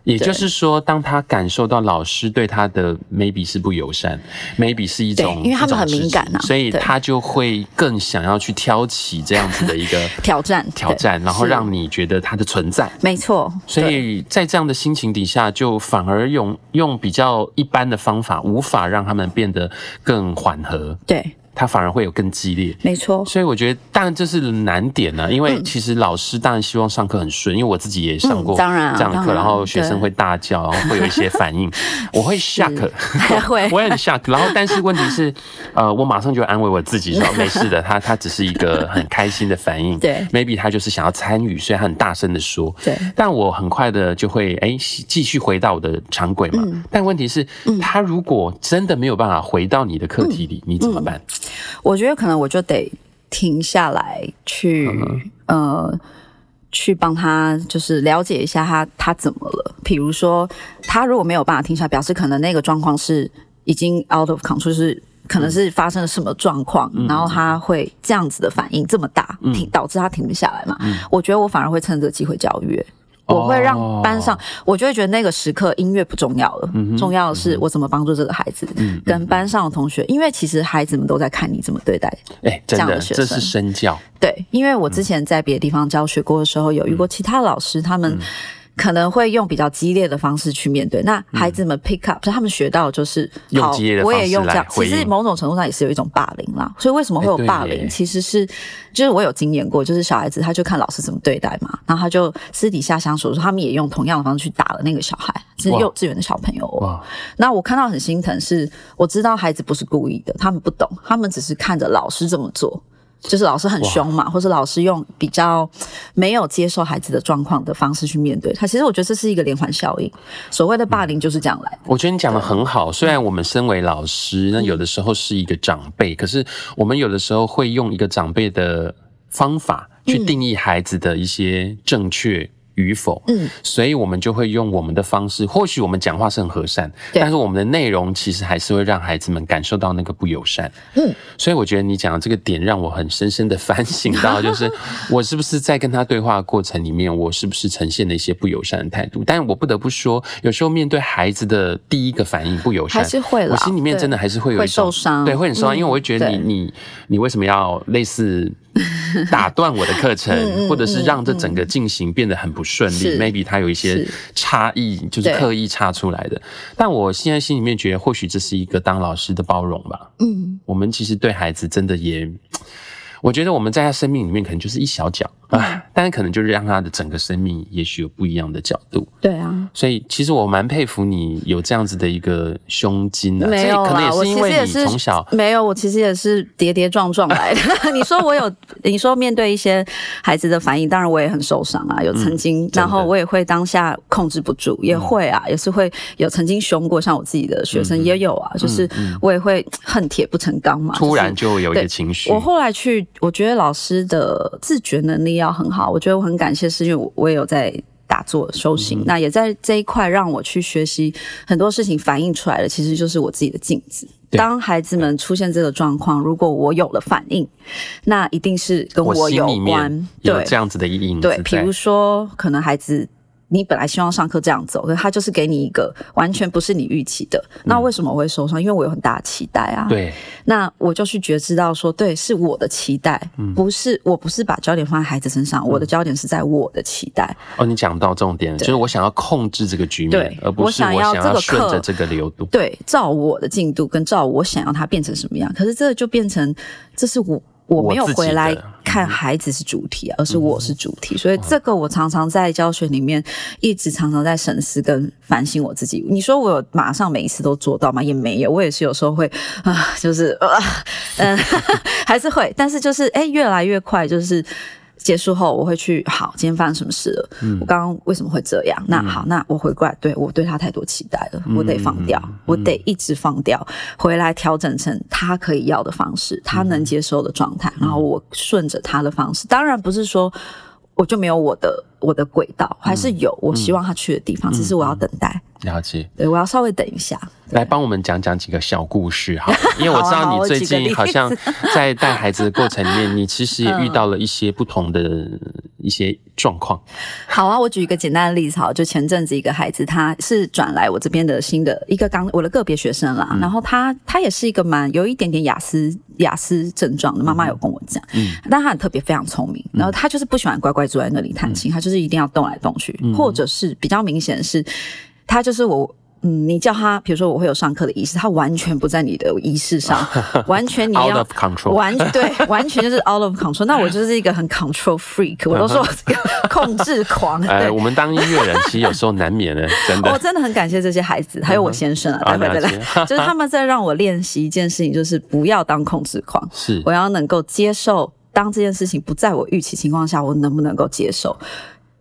Speaker 2: 也就是
Speaker 1: 說，當他感受到老師對他的 maybe 是不友善，maybe 是一種，
Speaker 2: 因為他們很敏感啊，
Speaker 1: 所以他就會更想要去挑起這樣子的一個挑戰，挑戰，然後讓你覺得他的存在沒錯。所以在這樣的心情底下，就反而用用比較一般的方法，無法讓他們變得更緩和。對。他反而會有更激烈，沒錯。所以我覺得，當然這是難點呢、啊，因為其實老師當然希望上課很順，因為我自己也上過這樣的課，然後學生會大叫，然後會有一些反應，我會 shock、嗯，會， [LAUGHS] 我也很 shock。然後，但是問題是，呃，我馬上就安慰我自己說沒事的，他他只是一個很開心的反應，對，maybe 他就是想要參與，所以他很大聲的說，對，但我很快的就會哎繼、欸、續回到我的常軌嘛。但問題是，他如果真的沒有辦法回到你的課
Speaker 2: 題裡，你怎麼辦？嗯嗯嗯我覺得可能我就得停下來去、Uh-huh. 呃去幫他，就是了解一下他他怎麼了。比如說他如果沒有辦法停下來，表示可能那個狀況是已經 out of control，是可能是發生了什麼狀況，Mm-hmm. 然後他會這樣子的反應這麼大，停導致他停不下來嘛。Mm-hmm. 我覺得我反而會趁着這個機會教育、欸。Oh. 我會讓班上，我就會覺得那個時刻音樂不重要了，mm -hmm. 重要的是我怎麼幫助這個孩子，mm -hmm. 跟班上的同學，因為其實孩子們都在看你怎麼對待，哎，這樣的學生，欸、這是身教。對，因為我之前在別的地方教學過的時候，mm -hmm. 有遇過其他老師，他們、mm -hmm. 可能會用比較激烈的方式去面對，那孩子們 pick up，嗯、他們學到的就是，好，我也用這樣。其實某種程度上也是有一種霸凌啦。所以為什麼會有霸凌，欸、其實是就是我有經驗過，就是小孩子他就看老師怎麼對待嘛，然後他就私底下相處的時候，他們也用同樣的方式去打了那個小孩，是幼稚園的小朋友喔。那我看到很心疼是，是我知道孩子不是故意的，他們不懂，他們只是看着老師這麼做。就是老師很兇嘛，或是老師用比較沒有接受孩子的狀況的方式去面對他。其實我覺得這是一個連環效應，所謂的霸凌就是這樣來、
Speaker 1: 嗯。我覺得你講得很好，雖然我們身為老師，那有的時候是一個長輩、嗯，可是我們有的時候會用一個長輩的方法去定義孩子的一些正確。嗯與否，嗯，所以我們就會用我們的方式。或許我們講話是很和善，但是我們的內容其實還是會讓孩子們感受到那個不友善，嗯。所以我覺得你講的這個點讓我很深深的反省到，就是我是不是在跟他對話的過程裡面，我是不是呈現了一些不友善的態度？但我不得不說，有時候面對孩子的第一個反應，不友善，還是會，我心裡面真的還是會有一種
Speaker 2: 傷，對，會很受傷，嗯，因為我會覺得你
Speaker 1: 你你為什麼要類似。 [LAUGHS] 打斷我的課程，或者是讓這整個進行變得很不順利。Maybe 他有一些差異，就是刻意差出來的。但我現在心裡面覺得，或許這是一個當老師的包容吧。嗯，我們其實對孩子真的也，我覺得我們在他生命裡面可能就是一小角。啊，當然可能就是讓他的整個生命也許有不一樣的角度。對啊，所以其實我蠻佩服你有這樣子的一個胸襟的，啊。沒有啦，可能我其實也是從小
Speaker 2: 沒有，我其實也是跌跌撞撞來的。 [LAUGHS] [LAUGHS] 你說我有，你說面對一些孩子的反應，當然我也很受傷啊，有曾經，嗯，然後我也會當下控制不住，也會啊，嗯，也是會有曾經兇過，像我自己的學生也有啊，就是我也會恨鐵不成鋼嘛，嗯嗯，就是。突然就有一些情緒。我後來去，我覺得老師的自覺能力，啊。要很好，我覺得我很感謝事，是因為我也有在打坐修行、嗯，那也在這一塊讓我去學習很多事情，反映出來的其實就是我自己的鏡子。當孩子們出現這個狀況，如果我有了反應，那一定是跟我有關。對，這樣
Speaker 1: 子的影。對，比如
Speaker 2: 說可能孩子。你本來希望上課這樣走，可是他就是給你一個完全不是你預期的、嗯。那為什麼我會受傷？因為我有很大的期待啊。對。那我就去覺知到說，對，是我的期待、嗯，不是，我不是把焦點放在孩子身上，嗯、我的焦點是在我的期待。
Speaker 1: 哦，你講到重點，就是我想要控制這個局面，對，而不是我想要順着這個流度，
Speaker 2: 對，照我的進度跟照我想要它變成什麼樣。嗯、可是這個就變成，這是我。我沒有回來看孩子是主體，嗯嗯嗯而是我是主體，所以這個我常常在教學裡面，一直常常在審視跟反省我自己。你說我有馬上每一次都做到嗎？也沒有，我也是有時候會啊、呃，就是，啊、呃，嗯， [LAUGHS] 還是會，但是就是哎、欸，越來越快，就是。結束後我會去，好，今天發生什麼事了，嗯？我剛剛為什麼會這樣？嗯，那好，那我回過來，對，我對他太多期待了，我得放掉，嗯，我得一直放掉，嗯，回來調整成他可以要的方式，他能接受的狀態，嗯，然後我順着他的方式。當然不是說我就沒有我的我的軌道，還是有我希望他去的地方，嗯，只是我要等待。嗯，了解，對，我要稍微等一下。
Speaker 1: 來幫我們講講幾個小故事哈，因為我知道你最近好像在帶孩子的過程裡面，你其實也遇到了一些不同的一些狀況。
Speaker 2: 好啊，我舉一個簡單的例子哈，就前陣子一個孩子，他是轉來我這邊的新的一個剛我的個別學生啦，然後他他也是一個蠻有一點點亞斯亞斯症狀的，媽媽有跟我講，嗯，但他很特別，非常聰明，然後他就是不喜歡乖乖坐在那裡彈琴，他就是一定要動來動去，或者是比較明顯是，他就是我。嗯，你叫他，比如說我會有上課的儀式，他完全不在你的儀式上， [LAUGHS] 完全你要 out of control. 完對，完全就是 out of control。 [LAUGHS] 那我就是一個很 control freak，我都說我是個控制狂。哎、 [LAUGHS] 呃，
Speaker 1: 我們當音樂人其實有時候難免的，真的。 [LAUGHS] 我
Speaker 2: 真的很感謝這些孩子，還有我先生啊，來、嗯、來來，嗯、來來 [LAUGHS] 就是他們在讓我練習一件事情，就是不要當控制狂，是我要能夠接受，當這件事情不在我預期情況下，我能不能夠接受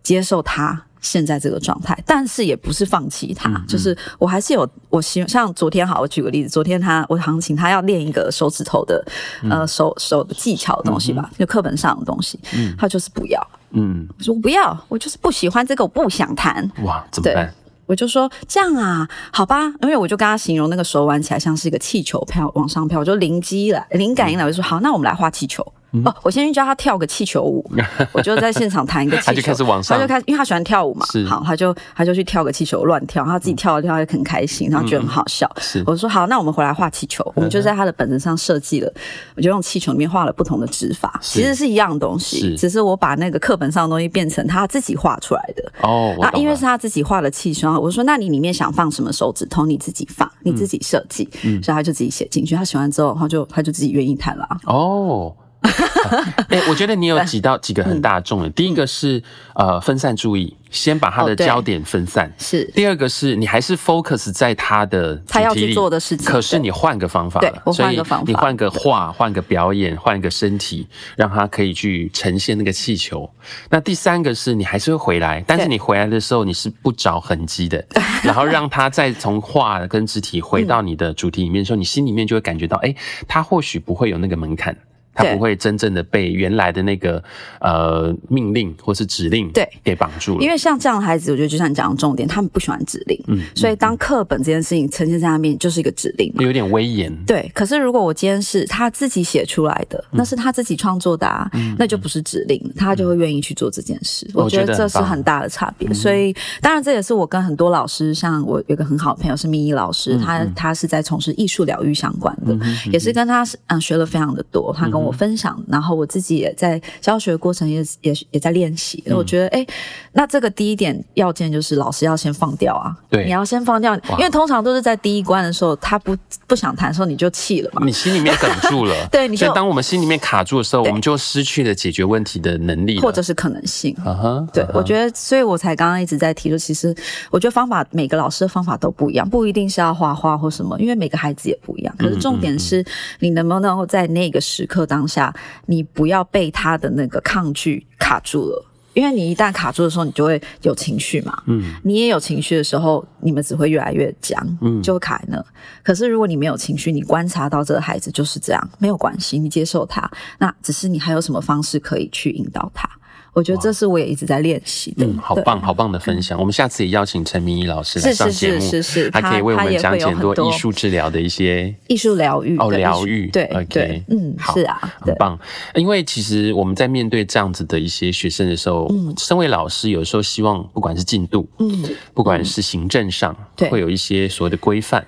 Speaker 2: 接受他。現在這個狀態，但是也不是放棄他，嗯、就是我還是有我希望。像昨天好，我舉個例子，昨天他我想請他要練一個手指頭的，嗯、呃手手的技巧的東西吧、嗯，就課本上的東西、嗯，他就是不要，嗯，我說我不要，我就是不喜歡這個，我不想彈。哇，怎麼辦？我就說這樣啊，好吧，因為我就跟他形容那個手玩起來像是一個氣球飄往上飄，我就靈機了，靈感一來我就說好，那我們來畫氣球。哦，我先去教他跳個氣球舞， [LAUGHS] 我就在現場彈一個氣球，他就開始上，他就開始，因為他喜歡跳舞嘛。是，好，他就他就去跳個氣球亂跳，他自己跳了跳，他就很開心，然後覺得很好笑。嗯、是，我就說好，那我們回來畫氣球、嗯，我們就在他的本子上設計了，我就用氣球裡面畫了不同的指法，其實是一樣東西是，只是我把那個課本上的東西變成他自己畫出來的。哦，那因為是他自己畫的氣球，我說那你裡面想放什麼手指頭，你自己放，你自己設計。嗯，所以他就自己寫進去，他寫完之後，他就他就自己願意彈了。
Speaker 1: 哦。哎、 [LAUGHS] 欸，我覺得你有幾道幾個很大的重點。嗯、第一個是呃分散注意，先把他的焦點分散。哦、是。第二個是你還是 focus 在他的主題裡他要去做的事情。可是你換個方法，了，我換個方法，你換個畫，換個表演，換個身體，讓他可以去呈現那個氣球。那第三個是你還是會回來，但是你回來的時候你是不着痕迹的， [LAUGHS] 然後讓他再從畫跟肢體回到你的主題裡面的時候，嗯、你心裡面就會感覺到，哎、欸，他或許不會有那個門檻。他不會真正的被原來的那個呃命令，或是指令對，給綁住了，因
Speaker 2: 為像這樣的孩子，我覺得就像你講的重點，他們不喜歡指令，嗯，嗯，所以當課本這件事情呈現在他面前就是一個指令，
Speaker 1: 有點威嚴，
Speaker 2: 對。可是如果我今天是他自己寫出來的，那是他自己創作的，啊嗯，那就不是指令，嗯嗯，他就會願意去做這件事、嗯。我覺得這是很大的差別。所以當然這也是我跟很多老師，像我有個很好的朋友是蜜伊老師，嗯嗯，他他是在從事藝術療癒相關的，嗯嗯嗯，也是跟他是嗯、呃、學了非常的多，他跟我。我分享，然後我自己也在教學過程也也也在練習、嗯。我覺得，哎、欸，那這個第一點要件就是老師要先放掉啊，對，你要先放掉，因為通常都是在第一關的時候，他不不想談的時候，你就氣了
Speaker 1: 嘛，你心裡面梗住了， [LAUGHS] 對，你就所以當我們心裡面卡住的時候，我們就失去了解決問題的能力，或
Speaker 2: 者是可能性。啊、uh、哈 -huh, uh -huh，對我覺得，所以我才剛剛一直在提出，其實我覺得方法每個老師的方法都不一樣，不一定是要畫畫或什麼，因為每個孩子也不一樣。可是重點是嗯嗯嗯你能不能夠在那個時刻，當下，你不要被他的那個抗拒卡住了，因為你一旦卡住的時候，你就會有情緒嘛。嗯，你也有情緒的時候，你們只會越來越僵，嗯，就會卡在那。可是如果你沒有情緒，你觀察到這個孩子就是這樣，沒有關係，你接受他。那只是你還有什麼方式可以去引導他？我覺得這是我也一直在練習的，嗯，好棒
Speaker 1: 好棒的分享。我們下次也邀請陳明義老師來上節目，是是是是是，還可以為我們他他也會有很多藝術治療的一些
Speaker 2: 藝術療癒哦，療癒對，對，對 OK 對，嗯，好，是啊，
Speaker 1: 很棒。因為其實我們在面對這樣子的一些學生的時候，嗯，身為老師有時候希望不管是進度嗯，嗯，不管是行政上對會有一些所謂的規範。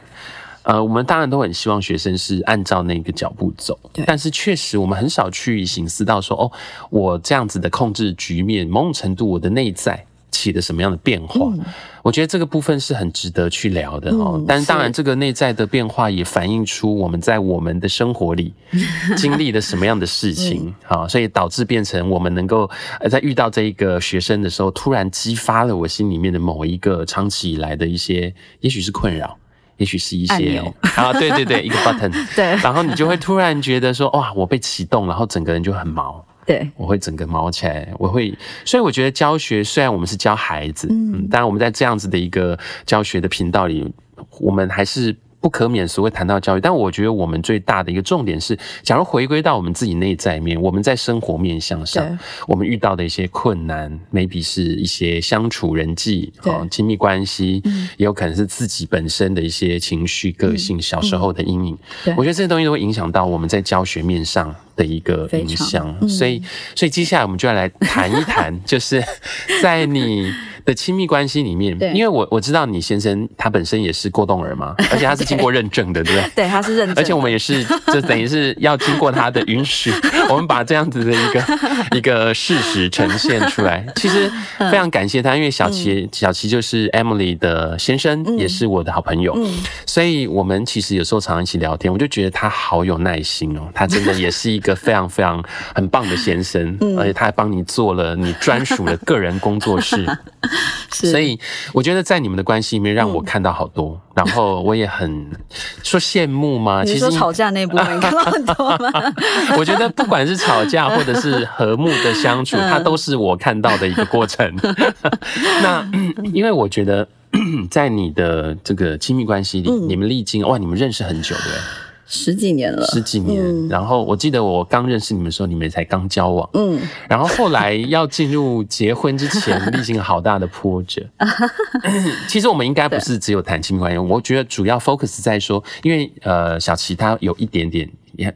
Speaker 1: 呃，我們當然都很希望學生是按照那個腳步走，對。但是確實，我們很少去省思到說，哦，我這樣子的控制局面，某種程度我的內在起了什麼樣的變化，嗯。我覺得這個部分是很值得去聊的哦。嗯、但是當然，這個內在的變化也反映出我們在我們的生活裡經歷了什麼樣的事情啊， [LAUGHS] 哦，所以導致變成我們能夠呃在遇到這一個學生的時候，突然激發了我心裡面的某一個長期以來的一些，也許是困擾。也許是一些啊，對對對，一個 button， [LAUGHS] 對，然後你就會突然覺得說，哇，我被啟動，然後整個人就很毛，對，我會整個毛起來，我會，所以我覺得教學，雖然我們是教孩子，嗯，嗯，但我們在這樣子的一個教學的頻道裡，我們還是。不可免所會談到教育，但我覺得我們最大的一個重點是，假如回歸到我們自己內在面，我們在生活面向上，我們遇到的一些困難，maybe 是一些相處人際、親密關係、嗯，也有可能是自己本身的一些情緒、個性、嗯、小時候的陰影、嗯嗯。我覺得這些東西都會影響到我們在教學面上的一個影響、嗯。所以，所以接下來我們就要來談一談， [LAUGHS] 就是在你。的親密關係裡面，因為我我知道你先生他本身也是過動兒嘛，而且他是經過認證的， [LAUGHS] 對，對不對？
Speaker 2: 對，他是認證的。而且我們
Speaker 1: 也是，就等於是要經過他的允許， [LAUGHS] 我們把這樣子的一個一個事實呈現出來。其實非常感謝他，因為小琪、嗯、小琪就是 Emily 的先生、嗯，也是我的好朋友、嗯，所以我們其實有時候常常一起聊天，我就覺得他好有耐心哦，他真的也是一個非常非常很棒的先生，嗯、而且他還幫你做了你專屬的個人工作室。 [LAUGHS] 所以，我覺得在你們的關係裡面，讓我看到好多，嗯、然後我也很說羨慕嗎？其實吵
Speaker 2: 架那一部分看到
Speaker 1: 很多嗎？ [LAUGHS] 我覺得不管是吵架或者是和睦的相處，它都是我看到的一個過程。嗯、 [LAUGHS] 那因為我覺得在你的這個親密關係裡，你們歷經哇，你們認識很久了。
Speaker 2: 十幾年了，十
Speaker 1: 幾年。嗯，然後我記得我剛認識你們的時候，你們才剛交往。嗯，然後後來要進入結婚之前，歷 [LAUGHS] 經好大的波折。 [COUGHS] 其實我們應該不是只有談親密關係，我覺得主要 focus 在說，因為呃，小齊他有一點點。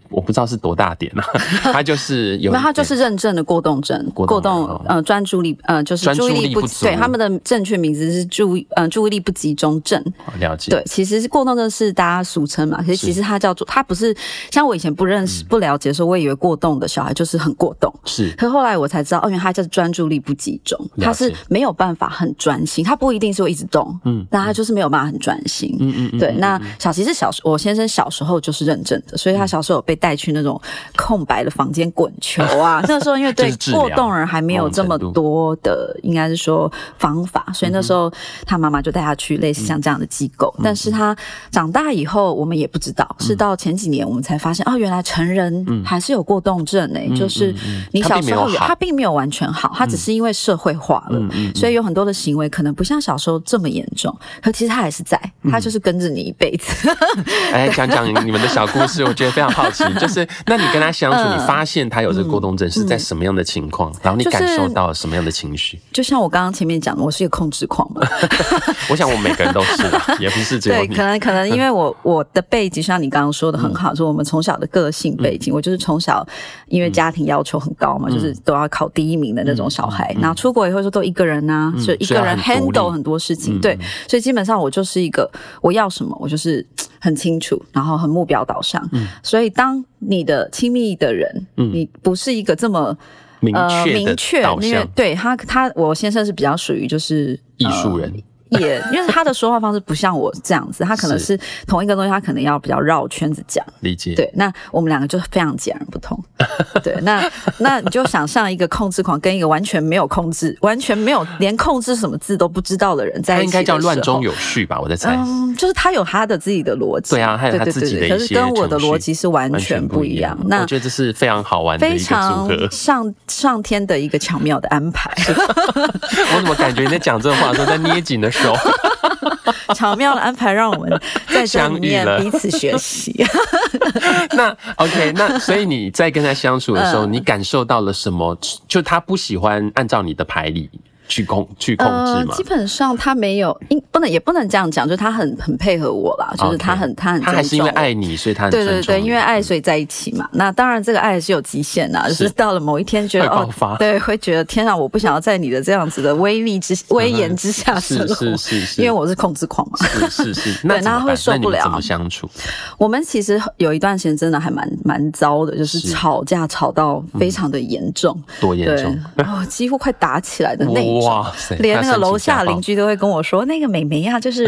Speaker 1: 我不知道是多大點了，啊， [LAUGHS] 他就是有，有，那他
Speaker 2: 就是認證的過動症，過動，過動呃，專注力，呃，就是專注力不，集注力不集。對，對。嗯、他們的正確名字是注，呃、嗯，注意力不集中症。
Speaker 1: 了解。對，
Speaker 2: 其實是過動症是大家俗稱嘛，可是其實他叫做，他不是像我以前不認識、不了解的時候，我以為過動的小孩就是很過動，是。可是後來我才知道，哦，原來他就是專注力不集中，他是沒有辦法很專心，他不一定是會一直動，嗯，那他就是沒有辦法很專心，嗯嗯，對。嗯嗯、那小其是小，我先生小時候就是認證的，嗯、所以他小時候。有被帶去那種空白的房間滾球啊！那時候因為對過動人還沒有這麼多的，應該是說方法，所以那時候他媽媽就帶他去類似像這樣的機構。但是他長大以後，我們也不知道，是到前幾年我們才發現哦，原來成人還是有過動症呢。就是你小時候他並沒有完全好，他只是因為社會化了，所以有很多的行為可能不像小時候這麼嚴重，可其實他還是在，他就是跟着你一輩子。 [LAUGHS] 哎，講講你們的小
Speaker 1: 故事，我覺得非常好。 [LAUGHS] 就是，那你跟他相處，嗯、你發現他有這個過動症是在什麼樣的情況、嗯嗯？然後你感受到什麼樣的情緒、就
Speaker 2: 是？就像我剛剛前面講的，我是一個控制狂嘛。
Speaker 1: [LAUGHS] [LAUGHS] 我想，我每個人都是 [LAUGHS] 也不是只有你。對，可能可能因為
Speaker 2: 我我的背景，像你剛剛說的很好，就、嗯、我們從小的個性背景，嗯、我就是從小因為家庭要求很高嘛、嗯，就是都要考第一名的那種小孩。嗯、然後出國以後，說都一個人啊，就一個人 handle 很多事情、嗯。對，所以基本上我就是一個，我要什麼，我就是很清楚，然後很目標導向、嗯。所以。所以當你的親密的人、嗯，你不是一個這麼明確、呃、明確，因為對他他，我先生是比較屬於就是藝術人。呃也因為他的說話方式不像我這樣子，他可能是同一個東西，他可能要比較繞圈子講。理解。對，那我們兩個就非常截然不同。 [LAUGHS] 對，那那你就想象一個控制狂跟一個完全沒有控制、完全沒有連控制什麼字都不知道的人在一起，應該叫亂中有序吧？我在猜。嗯，就是他有他的自己的邏輯，對啊，他有他自己的一些程序，對對對，可是跟我的邏輯是完全不一樣，
Speaker 1: 不一樣那。我覺得這是非常好玩的一個組合，非常
Speaker 2: 上上天的一個巧妙的安排。
Speaker 1: [LAUGHS] [LAUGHS] 我怎麼感覺你在講這話都在捏緊的時候？
Speaker 2: [LAUGHS] 巧妙的安排，讓我們在這裡面彼此學習。 [LAUGHS] 那
Speaker 1: OK，那所以你在跟他相處的時候，嗯、你感受到了什麼？就他不喜歡按照你的牌理。去控去控制，呃、基
Speaker 2: 本上他沒有，應不能也不能這樣講，就是他很很配合我啦，就是他很、okay. 他很。他還是因為
Speaker 1: 愛你，所以他很。對對對，
Speaker 2: 因為愛所以在一起嘛。嗯、那當然，這個愛是有極限的，就是到了某一天覺得爆發哦，對，會覺得天、啊、我不想要在你的這樣子的威力之威嚴之下生活，嗯、是，是，是是是，因為我是控制狂嘛， [LAUGHS] 是，
Speaker 1: 是，是是，是。 [LAUGHS] 那他會受不了。怎麼相處？
Speaker 2: 我們其實有一段時間真的還蠻蠻糟的，就是吵架吵到非常的嚴重，嗯、多嚴重然後、哦、幾乎快打起來的那。哇塞，連那個樓下鄰居都會跟我說：“那個美眉呀，就是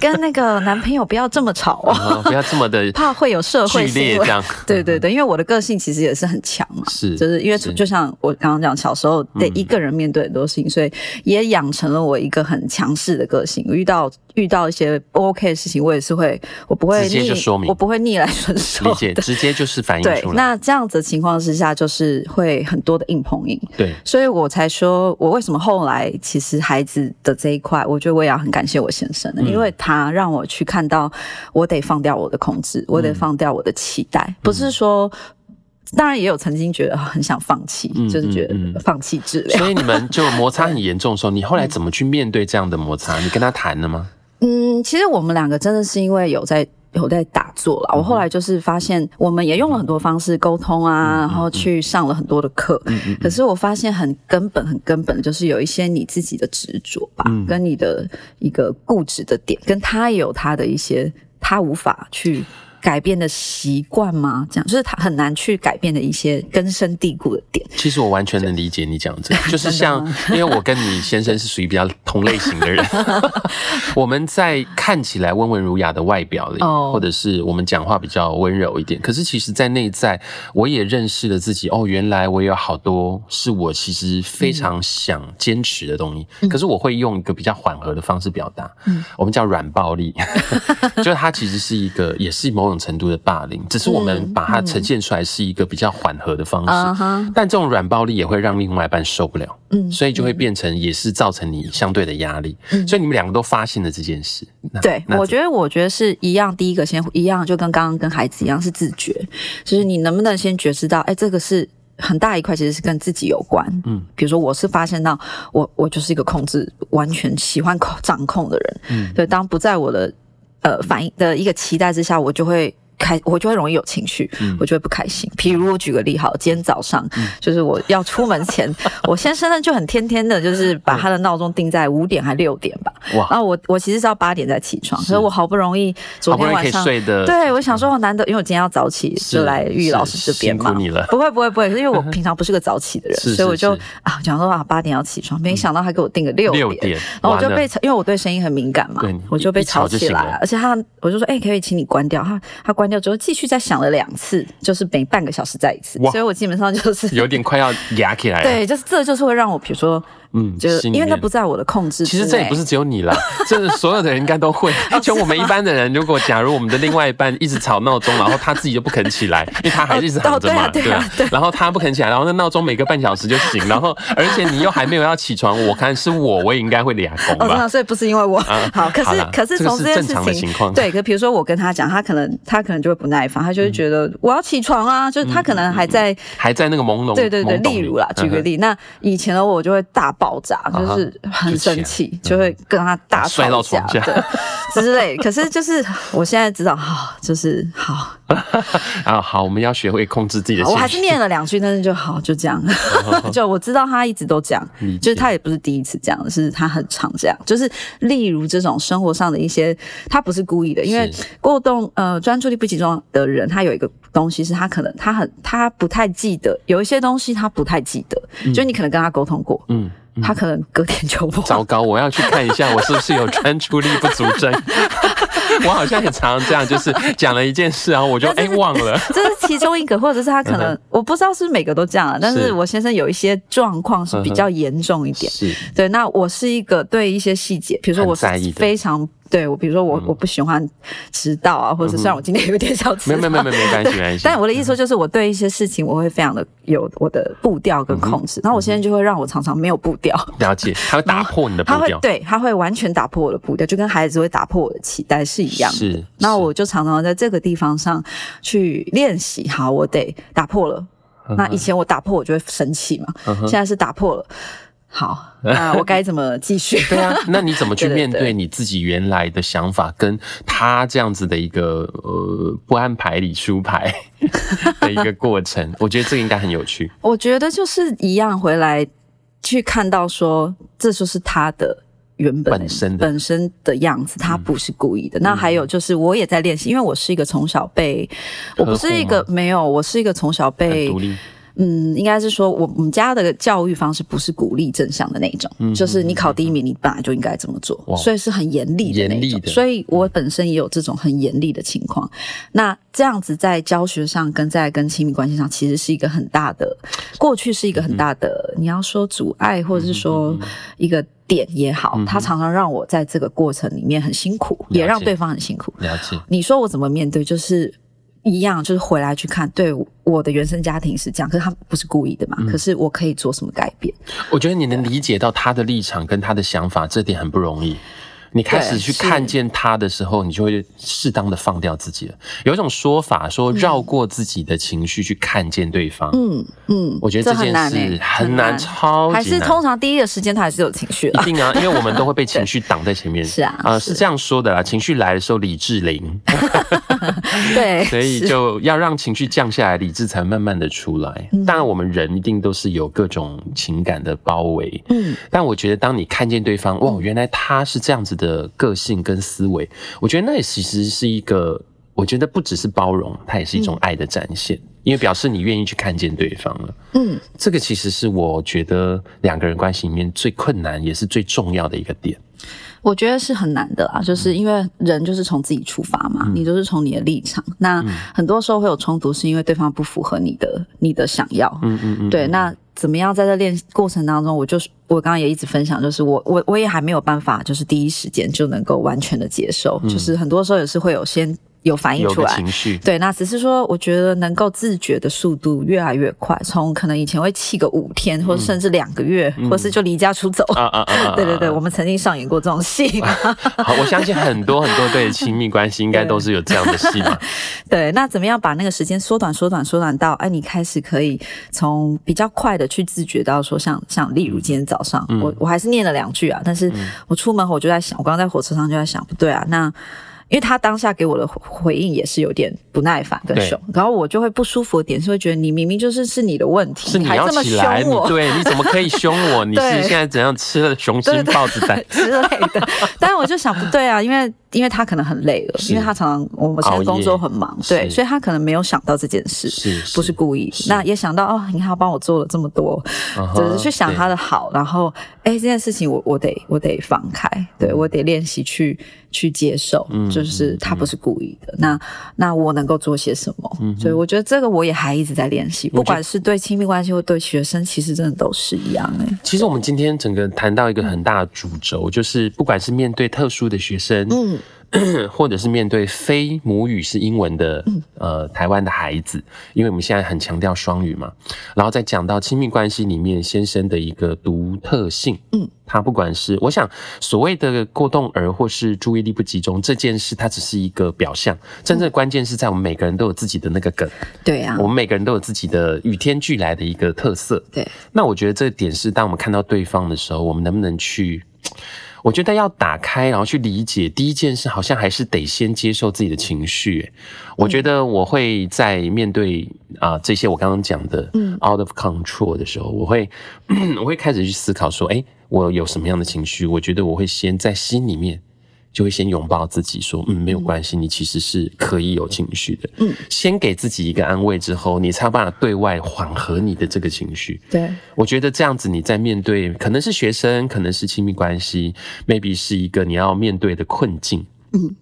Speaker 2: 跟那個男朋友不要這麼吵哦、啊，不要這麼的，怕會有社會裂。 [LAUGHS] 這樣” [LAUGHS] 對對對，因為我的個性其實也是很強嘛，是就是因為就像我剛剛講，小時候得一個人面對很多事情，嗯、所以也養成了我一個很強勢的個性。遇到。遇到一些不 OK 的事情，我也是會，我不會逆，直接就說明，我不會逆來順受。理解，直
Speaker 1: 接就是反映出來，對。那
Speaker 2: 這樣子的情況之下，就是會很多的硬碰硬。對，所以我才說，我為什麼後來其實孩子的這一塊，我覺得我也要很感謝我先生呢、嗯，因為他讓我去看到，我得放掉我的控制、嗯，我得放掉我的期待。不是說，嗯、當然也有曾經覺得很想放棄、嗯嗯嗯嗯，就是覺得放棄治療。
Speaker 1: 所以你們就摩擦很嚴重的時候，你後來怎麼去面對這樣的摩擦？嗯、你跟他談了嗎？
Speaker 2: 嗯，其實我們兩個真的是因為有在有在打坐啦。我後來就是發現，我們也用了很多方式溝通啊，然後去上了很多的課。可是我發現很根本、很根本的就是有一些你自己的執着吧，跟你的一個固執的點，跟他也有他的一些他無法去。改變的習慣嗎？這樣就是他很難去改變的一些根深蒂固的點。其實我
Speaker 1: 完全能理解你講的，就是像因為我跟你先生是屬於比較同類型的人， [LAUGHS] [LAUGHS] 我們在看起來溫文儒雅的外表裡，Oh. 或者是我們講話比較溫柔一點。可是其實在內在，我也認識了自己。哦，原來我有好多是我其實非常想堅持的東西，嗯，可是我會用一個比較緩和的方式表達，嗯。我們叫軟暴力， [LAUGHS] 就他其實是一個也是某程度的霸凌，只是我們把它呈現出來是一個比較緩和的方式，嗯嗯、但這種軟暴力也會讓另外一半受不了嗯，嗯，所以就會變成也是造成你相對的壓力、嗯，所以你們兩個都發現了這件事。
Speaker 2: 嗯、對，我覺得我覺得是一樣，第一個先一樣，就跟剛剛跟孩子一樣是自覺、嗯，就是你能不能先覺知到，哎、欸，這個是很大一塊其實是跟自己有關，嗯，比如說我是發現到我我就是一個控制完全喜歡控掌控的人，嗯，對，當不在我的。呃，反應的一個期待之下，我就會。開，我就會容易有情緒、嗯，我就會不開心。譬如我舉個例，好，今天早上就是我要出門前， [LAUGHS] 我先生呢就很天天的，就是把他的鬧鐘定在五點還六點吧。哇！然後我我其實是要八點再起床，所以我好不容易昨天晚上，可以睡的。對，我想說哦、喔，難得，因為我今天要早起，就來育誼老師這邊嘛。辛苦你了。不會不會不會，因為我平常不是個早起的人， [LAUGHS] 是是是所以我就啊，講說啊八點要起床，沒想到他給我定個六點、嗯，然後我就被，因為我對聲音很敏感嘛，對我就被吵起來了。而且他我就說，哎、欸，可以請你關掉他，他關。就繼續再想了兩次，就是每半個小時再一次，所以我基本上就是有
Speaker 1: 點快要啞起來。 [LAUGHS] 對，
Speaker 2: 就是這就是會讓我，比如說。嗯，就是，因為他不在我的控制之內。其實這也不是
Speaker 1: 只有你啦，就 [LAUGHS] 是所有的人應該都會。而、哦、且我們一般的人，如果假如我們的另外一半一直吵鬧鐘，然後他自己就不肯起來， [LAUGHS] 因為他還是一直吵着嘛，哦、對吧、啊啊啊？然後他不肯起來，然後那鬧鐘每隔半小時就醒， [LAUGHS] 然後而且你又還沒有要起床， [LAUGHS] 我看是我，我也應該會牙關。哦，對，
Speaker 2: 所以不是因為我、啊、好，可是，可是這這是正常的情況。對，可比如說我跟他講，他可能他可能就會不耐煩，他就會覺得我要起床啊，嗯、就是他可能還在、嗯嗯嗯、
Speaker 1: 還在那個朦朧，對對對。例如啦，舉個例，
Speaker 2: 嗯、那以前的我就會大。爆炸就是很生氣，uh -huh，就會跟他大摔，嗯、到床下。
Speaker 1: 對，
Speaker 2: 之類。可是就是我現在知道，好、哦，就是好
Speaker 1: 啊，好，我們要學會控制自己的。我還是
Speaker 2: 念了兩句，但是就好，就這樣。Uh -huh. [LAUGHS] 就我知道他一直都講，uh -huh. 就是他也不是第一次這樣，是他很常這樣。就是例如這種生活上的一些，他不是故意的，因為過動呃專注力不集中的人，他有一個東西是他可能他很他不太記得，有一些東西他不太記得，嗯、就是你可能跟他溝通過，嗯。他可能隔天就忘、嗯。
Speaker 1: 糟糕，我要去看一下，我是不是有專注力不足症？ [LAUGHS] [LAUGHS] 我好像很常常這樣，就是講了一件事然、啊、後我就誒、欸、忘了。
Speaker 2: 這是其中一個，或者是他可能、嗯、我不知道是不是每個都這樣、啊，但是我先生有一些狀況是比較嚴重一點、嗯。是，對，那我是一個對一些細節，比如說我是非常。對我，比如說我、嗯、我不喜歡遲到啊，或者雖然我今天有點小遲、嗯，沒有沒有沒有，沒關係沒關係，但我的意思說就是，我對一些事情我會非常的有我的步調跟控制、嗯。然後我現在就會讓我常常沒有步調。嗯、 [LAUGHS]
Speaker 1: 了解，他會打破你的步調，對，
Speaker 2: 他會完全打破我的步調，就跟孩子會打破我的期待是一樣。是，那我就常常在這個地方上去練習。好，我得打破了、嗯。那以前我打破我就會生氣嘛、嗯，現在是打破了。好啊，那我該怎麼繼續？ [LAUGHS] 對啊，那你怎麼去面對
Speaker 1: 你自己原來的想法， [LAUGHS] 對對對，跟他這樣子的一個呃不按牌理出牌的一個過程？ [LAUGHS] 我覺得這個應該很有趣。
Speaker 2: 我覺得就是一樣回來去看到說，這就是他的原本本身的，本身的樣子，他不是故意的。嗯，那還有就是，我也在練習，因為我是一個從小被，我不是一個沒有，我是一個從小被獨立。嗯，應該是說我們我們家的教育方式不是鼓勵正向的那一種，嗯，就是你考第一名，你本來就應該這麼做，嗯，所以是很嚴厲的那一種，嚴厲的。所以我本身也有這種很嚴厲的情況。那這樣子在教學上跟在跟親密關係上，其實是一個很大的，過去是一個很大的，嗯，你要說阻礙或者是說一個點也好，嗯，它常常讓我在這個過程裡面很辛苦，也讓對方很辛苦。了解，你說我怎麼面對？就是。一樣就是回來去看，對，我的原生家庭是這樣，可是他不是故意的嘛，嗯，可是我可以做什麼改變？我
Speaker 1: 覺得你能理解到他的立場跟他的想法，想法這點很不容易。你開始去看見他的時候，你就會適當的放掉自己了。有一種說法說，繞過自己的情緒去看見對方。
Speaker 2: 嗯嗯，嗯，我覺得這件事很難，很難欸，
Speaker 1: 很難很難超級難。還是通
Speaker 2: 常第一個時間，他還是有情緒的，啊。一定啊，因為我們都會
Speaker 1: 被情緒擋在前面。 [LAUGHS] 是啊，呃，是這樣說的啦。情緒來的時候，理智零。
Speaker 2: 對， [LAUGHS] 所以
Speaker 1: 就要讓情緒降下來，理智才慢慢的出來。但，嗯，我們人一定都是有各種情感的包圍。嗯，但我覺得當你看見對方，哇，原來他是這樣子的。的個性跟思維，我覺得那也其實是一個，我覺得不只是包容，它也是一種愛的展現，因為表示你願意去看見對方了。嗯，這個其實是我覺得兩個人關係裡面最困難也是最重要的一個點。
Speaker 2: 我覺得是很難的啊，就是因為人就是從自己出發嘛，嗯、你就是從你的立場，那很多時候會有衝突，是因為對方不符合你的你的想要。嗯嗯嗯，對，那。怎麼樣，在這練過程當中，我就是我剛剛也一直分享，就是我我我也還沒有辦法，就是第一時間就能夠完全的接受，就是很多時候也是會有先。有反應出來，有情緒對，那只是說，我覺得能夠自覺的速度越來越快，從可能以前會氣個五天，或甚至兩個月、嗯，或是就離家出走、嗯、 [LAUGHS] 啊啊啊啊啊啊對對對，我們曾經上演過這種戲。啊啊啊啊啊 [LAUGHS] 好，我相信很
Speaker 1: 多很多對親密關係應該都是有這樣的戲嘛。
Speaker 2: [LAUGHS] 對, [LAUGHS] 對，那怎麼樣把那個時間縮短縮短縮短,短到？哎、啊，你開始可以從比較快的去自覺到說，像像例如今天早上，嗯、我我還是念了兩句啊，但是我出門我就在想，嗯、我剛剛在火車上就在想，不對啊，那。因為他當下給我的回應也是有點不耐煩跟兇，然後我就會不舒服的點是會覺得你明明就是是你的問題，是你要起來，還這麼凶我，對，你怎麼可以凶我？ [LAUGHS] 你是現在
Speaker 1: 怎樣，吃了熊心豹子膽之類
Speaker 2: 的？ [LAUGHS] 但是我就想不對啊，因為因為他可能很累了， [LAUGHS] 因為他常常我們之前工作很忙，對，所以他可能沒有想到這件事，是是不是故意。那也想到哦，你看他幫我做了這麼多，只、uh -huh, 是去想他的好，然後哎，這件事情我我得我得放開，對，我得練習去。去接受，就是他不是故意的。嗯嗯、那那我能夠做些什麼、嗯？所以我覺得這個我也還一直在練習。不管是對親密關係，或對學生，其實真的都是一樣、欸。哎、嗯，其
Speaker 1: 實我們今天整個談到一個很大的主軸，就是不管是面對特殊的學生，嗯。 [COUGHS] 或者是面對非母語是英文的呃台灣的孩子，因為我們現在很強調雙語嘛。然後再講到親密關係裡面，先生的一個獨特性，嗯，他不管是我想所謂的過動兒或是注意力不集中這件事，它只是一個表象，真正的關鍵是在我們每個人都有自己的那個梗，嗯、對啊，我們每個人都有自己的與天俱來的一個特色，對。那我覺得這個點是，當我們看到對方的時候，我們能不能去？我覺得要打開，然後去理解，第一件事好像還是得先接受自己的情緒。我覺得我會在面對啊、呃、這些我剛剛講的，out of control 的時候，我會我會開始去思考說，哎，我有什麼樣的情緒？我覺得我會先在心裡面。就會先擁抱自己說，說嗯，沒有關係，你其實是可以有情緒的。嗯，先給自己一個安慰之後，你才有辦法對外緩和你的這個情緒。對，我覺得這樣子你在面對可能是學生，可能是親密關係，maybe 是一個你要面對的困境，嗯，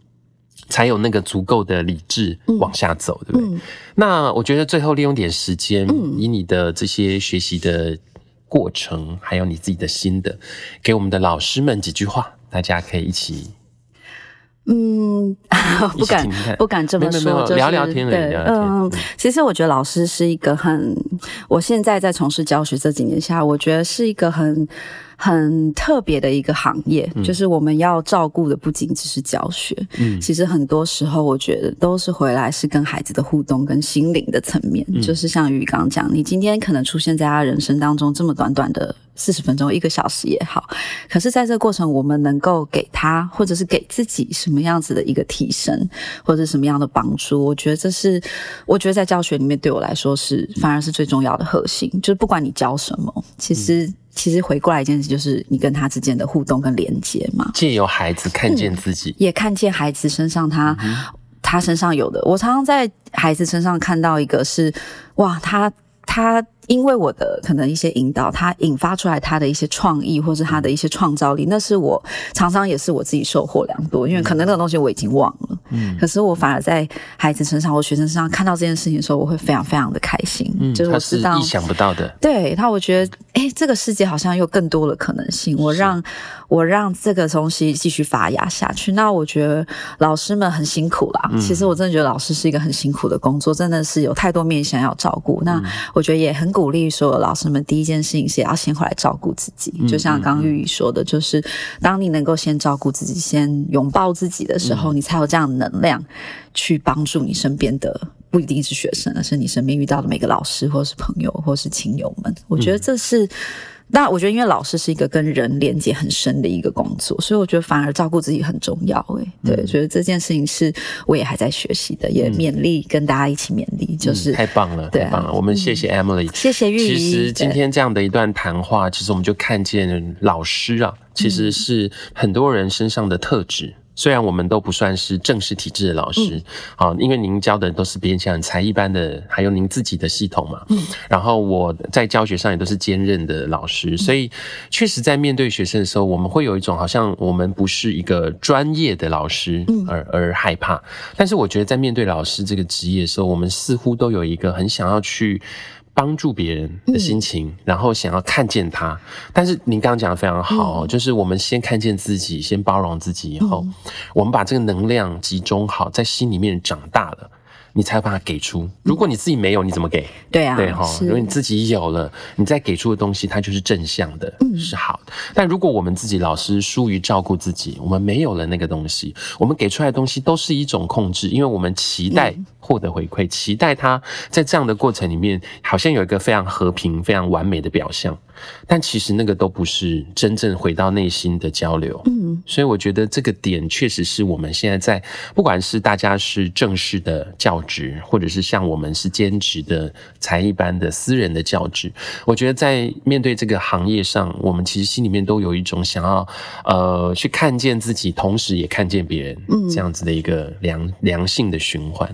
Speaker 1: 才有那個足夠的理智往下走，對不對？嗯。那我覺得最後利用點時間，以你的這些學習的過程，還有你自己的心得，給我們的老師們幾句話，大家可以一起。
Speaker 2: 嗯，不敢聽聽不敢這麼說，沒沒沒就是聊聊天，對聊聊天。嗯，其實我覺得老師是一個很，我現在在從事教學這幾年下來，我覺得是一個很。很特別的一個行業，嗯，就是我們要照顧的不僅只是教學，嗯，其實很多時候我覺得都是回來是跟孩子的互動跟心靈的層面，嗯，就是像育誼剛講，你今天可能出現在他人生當中這麼短短的四十分鐘一個小時也好，可是在這個過程，我們能夠給他或者是給自己什麼樣子的一個提升，或者什麼樣的幫助，我覺得這是我覺得在教學裡面對我來說是，嗯，反而是最重要的核心，就是不管你教什麼，其實，嗯。其實回過來一件事，就是你跟他之間的互動跟連接嘛，借
Speaker 1: 由孩子看見自己，
Speaker 2: 嗯、也看見孩子身上他、嗯、他身上有的。我常常在孩子身上看到一個是，是哇，他他。因為我的可能一些引導，它引發出來他的一些創意，或者是他的一些創造力，那是我常常也是我自己收穫良多。因為可能那個東西我已經忘了，嗯，可是我反而在孩子身上或學生身上看到這件事情的時候，我會非常非常的開心。嗯，就是我知道，想不到的對，對那我覺得哎、欸，這個世界好像有更多的可能性。我讓，我讓這個東西繼續發芽下去。那我覺得老師們很辛苦啦，其實我真的覺得老師是一個很辛苦的工作，真的是有太多面向要照顧。那我覺得也很。鼓勵所有的老師們第一件事情是要先回來照顧自己。嗯、就像剛剛育誼說的，就是、嗯、當你能夠先照顧自己，先擁抱自己的時候、嗯，你才有這樣的能量去幫助你身邊的，不一定是學生，而是你身邊遇到的每個老師，或者是朋友，或是親友們、嗯。我覺得這是。那我覺得，因為老師是一個跟人連結很深的一個工作，所以我覺得反而照顧自己很重要、欸。誒對、嗯，覺得這件事情是我也還在學習的，也勉勵、嗯、跟大家一起勉勵、嗯、就是太
Speaker 1: 棒了對、啊，太棒了。我們謝謝 Emily，謝謝育誼。其實今天這樣的一段談話、嗯，其實我們就看見老師啊，其實是很多人身上的特質。雖然我們都不算是正式體制的老師，好、嗯，因為您教的都是別人像才藝班的，還有您自己的系統嘛。嗯、然後我在教學上也都是兼任的老師，所以確實在面對學生的時候，我們會有一種好像我們不是一個專業的老師而而害怕、嗯。但是我覺得在面對老師這個職業的時候，我們似乎都有一個很想要去。幫助別人的心情、嗯，然後想要看見他。但是您剛剛講的非常好、嗯，就是我們先看見自己，先包容自己，以後、嗯、我們把這個能量集中好，在心裡面長大了，你才把它給出。如果你自己沒有，嗯、你怎麼給？對啊，對哈、哦。如果你自己有了，你再給出的東西，它就是正向的，是好的、嗯。但如果我們自己老是疏於照顧自己，我們沒有了那個東西，我們給出來的東西都是一種控制，因為我們期待。獲得回饋，期待他在這樣的過程裡面，好像有一個非常和平、非常完美的表象，但其實那個都不是真正回到內心的交流。嗯，所以我覺得這個點確實是我們現在在，不管是大家是正式的教職，或者是像我們是兼職的才藝班的私人的教職，我覺得在面對這個行業上，我們其實心裡面都有一種想要，呃，去看見自己，同時也看見別人，這樣子的一個良良性的循環。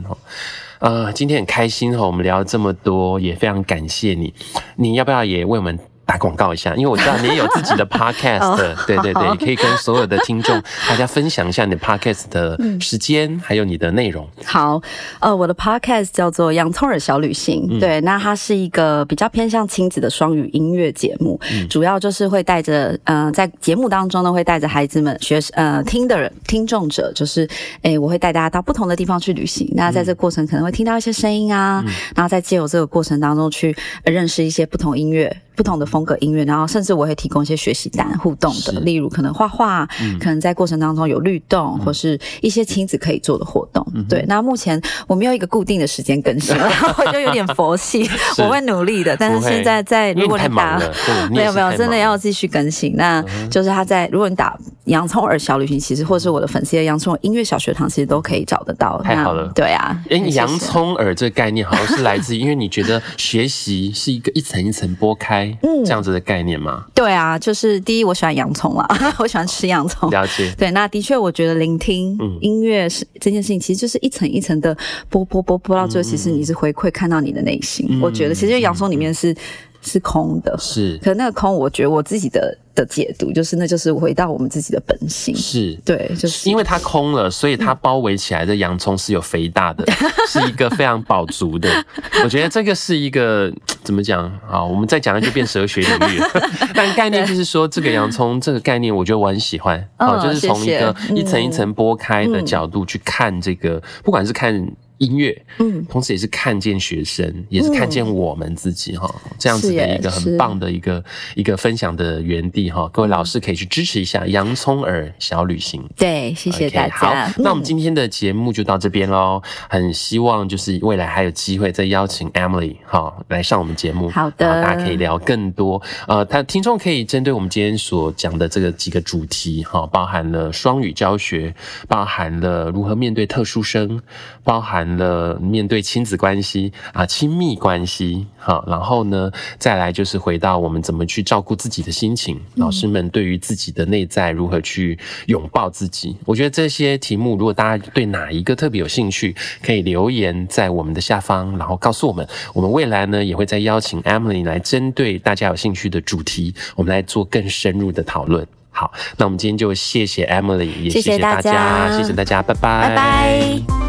Speaker 1: 啊、呃，今天很開心齁，我們聊了這麼多，也非常感謝你。你要不要也為我們，打廣告一下，因為我知道你也有自己的 podcast， [LAUGHS] 對對對，可以跟所有的聽眾大家分享一下你的 podcast 的時間、嗯，還有你的內容。
Speaker 2: 好，呃，我的 podcast 叫做《洋蔥耳小旅行》嗯，對，那它是一個比較偏向親子的雙語音樂節目、嗯，主要就是會帶着，呃，在節目當中呢，會帶着孩子們、學，呃，聽的人、聽眾者，就是，誒、欸、我會帶大家到不同的地方去旅行，嗯、那在這個過程可能會聽到一些聲音啊，嗯、然後再借由這個過程當中去認識一些不同音樂。不同的風格音樂，然後甚至我會提供一些學習單互動的，例如可能畫畫、嗯，可能在過程當中有律動，嗯、或是一些親子可以做的活動、嗯。對，那目前我沒有一個固定的時間更新，我、嗯、 [LAUGHS] 就有點佛系， [LAUGHS] 我會努力的。是但是現在在，如果你打，因為你太忙了，對，沒有沒有真的要繼續更新。那就是他在，如果你打洋蔥耳小旅行，其實或是我的粉絲的洋蔥音樂小學堂，其實都可以找得到。太好了，對啊。哎、欸，洋蔥
Speaker 1: 耳這個概念好像是來自於，因為你覺得學習是一個一層一層剝開。 [LAUGHS] 嗯，這樣子的概念嗎、嗯？
Speaker 2: 對啊，就是第一，我喜歡洋蔥啦， [LAUGHS] 我喜歡吃洋蔥。了解。對，那的確，我覺得聆聽音樂是、嗯、這件事情，其實就是一層一層的剝剝剝剝到最後，其實你是回饋看到你的內心嗯嗯。我覺得其實洋蔥裡面是。是空的，是。可那個空，我覺得我自己的的解讀，就是那就是回到我們自己的本性。是對，
Speaker 1: 就是因為它空了，所以它包圍起來的洋蔥是有肥大的， [LAUGHS] 是一個非常飽足的。我覺得這個是一個怎麼講啊？我們再講就變哲學領域了。 [LAUGHS] 但概念就是說，這個洋蔥這個概念，我覺得我很喜歡。好、嗯哦、就是從一個一層一層剝開的角度去看這個，嗯、不管是看。音樂，嗯，同時也是看見學生，嗯、也是看見我們自己哈、嗯，這樣子的一個很棒的一個的一個分享的園地哈，各位老師可以去支持一下洋蔥耳小旅行。
Speaker 2: 對，謝謝大家。Okay, 好、嗯，那我
Speaker 1: 們今天的節目就到這邊嘍。很希望就是未來還有機會再邀請 Emily 哈來上我們節目。好的，大家可以聊更多。呃，他聽眾可以針對我們今天所講的這個幾個主題哈，包含了雙語教學，包含了如何面對特殊生，包含。了，面對親子關係啊，親密關係。好，然後呢，再來就是回到我們怎麼去照顧自己的心情、嗯，老師們對於自己的內在如何去擁抱自己，我覺得這些題目，如果大家對哪一個特別有興趣，可以留言在我們的下方，然後告訴我們，我們未來呢也會再邀請 Emily 來針對大家有興趣的主題，我們來做更深入的討論。好，那我們今天就謝謝 Emily，也謝謝大家，謝謝大家，謝謝大家，拜拜。拜拜。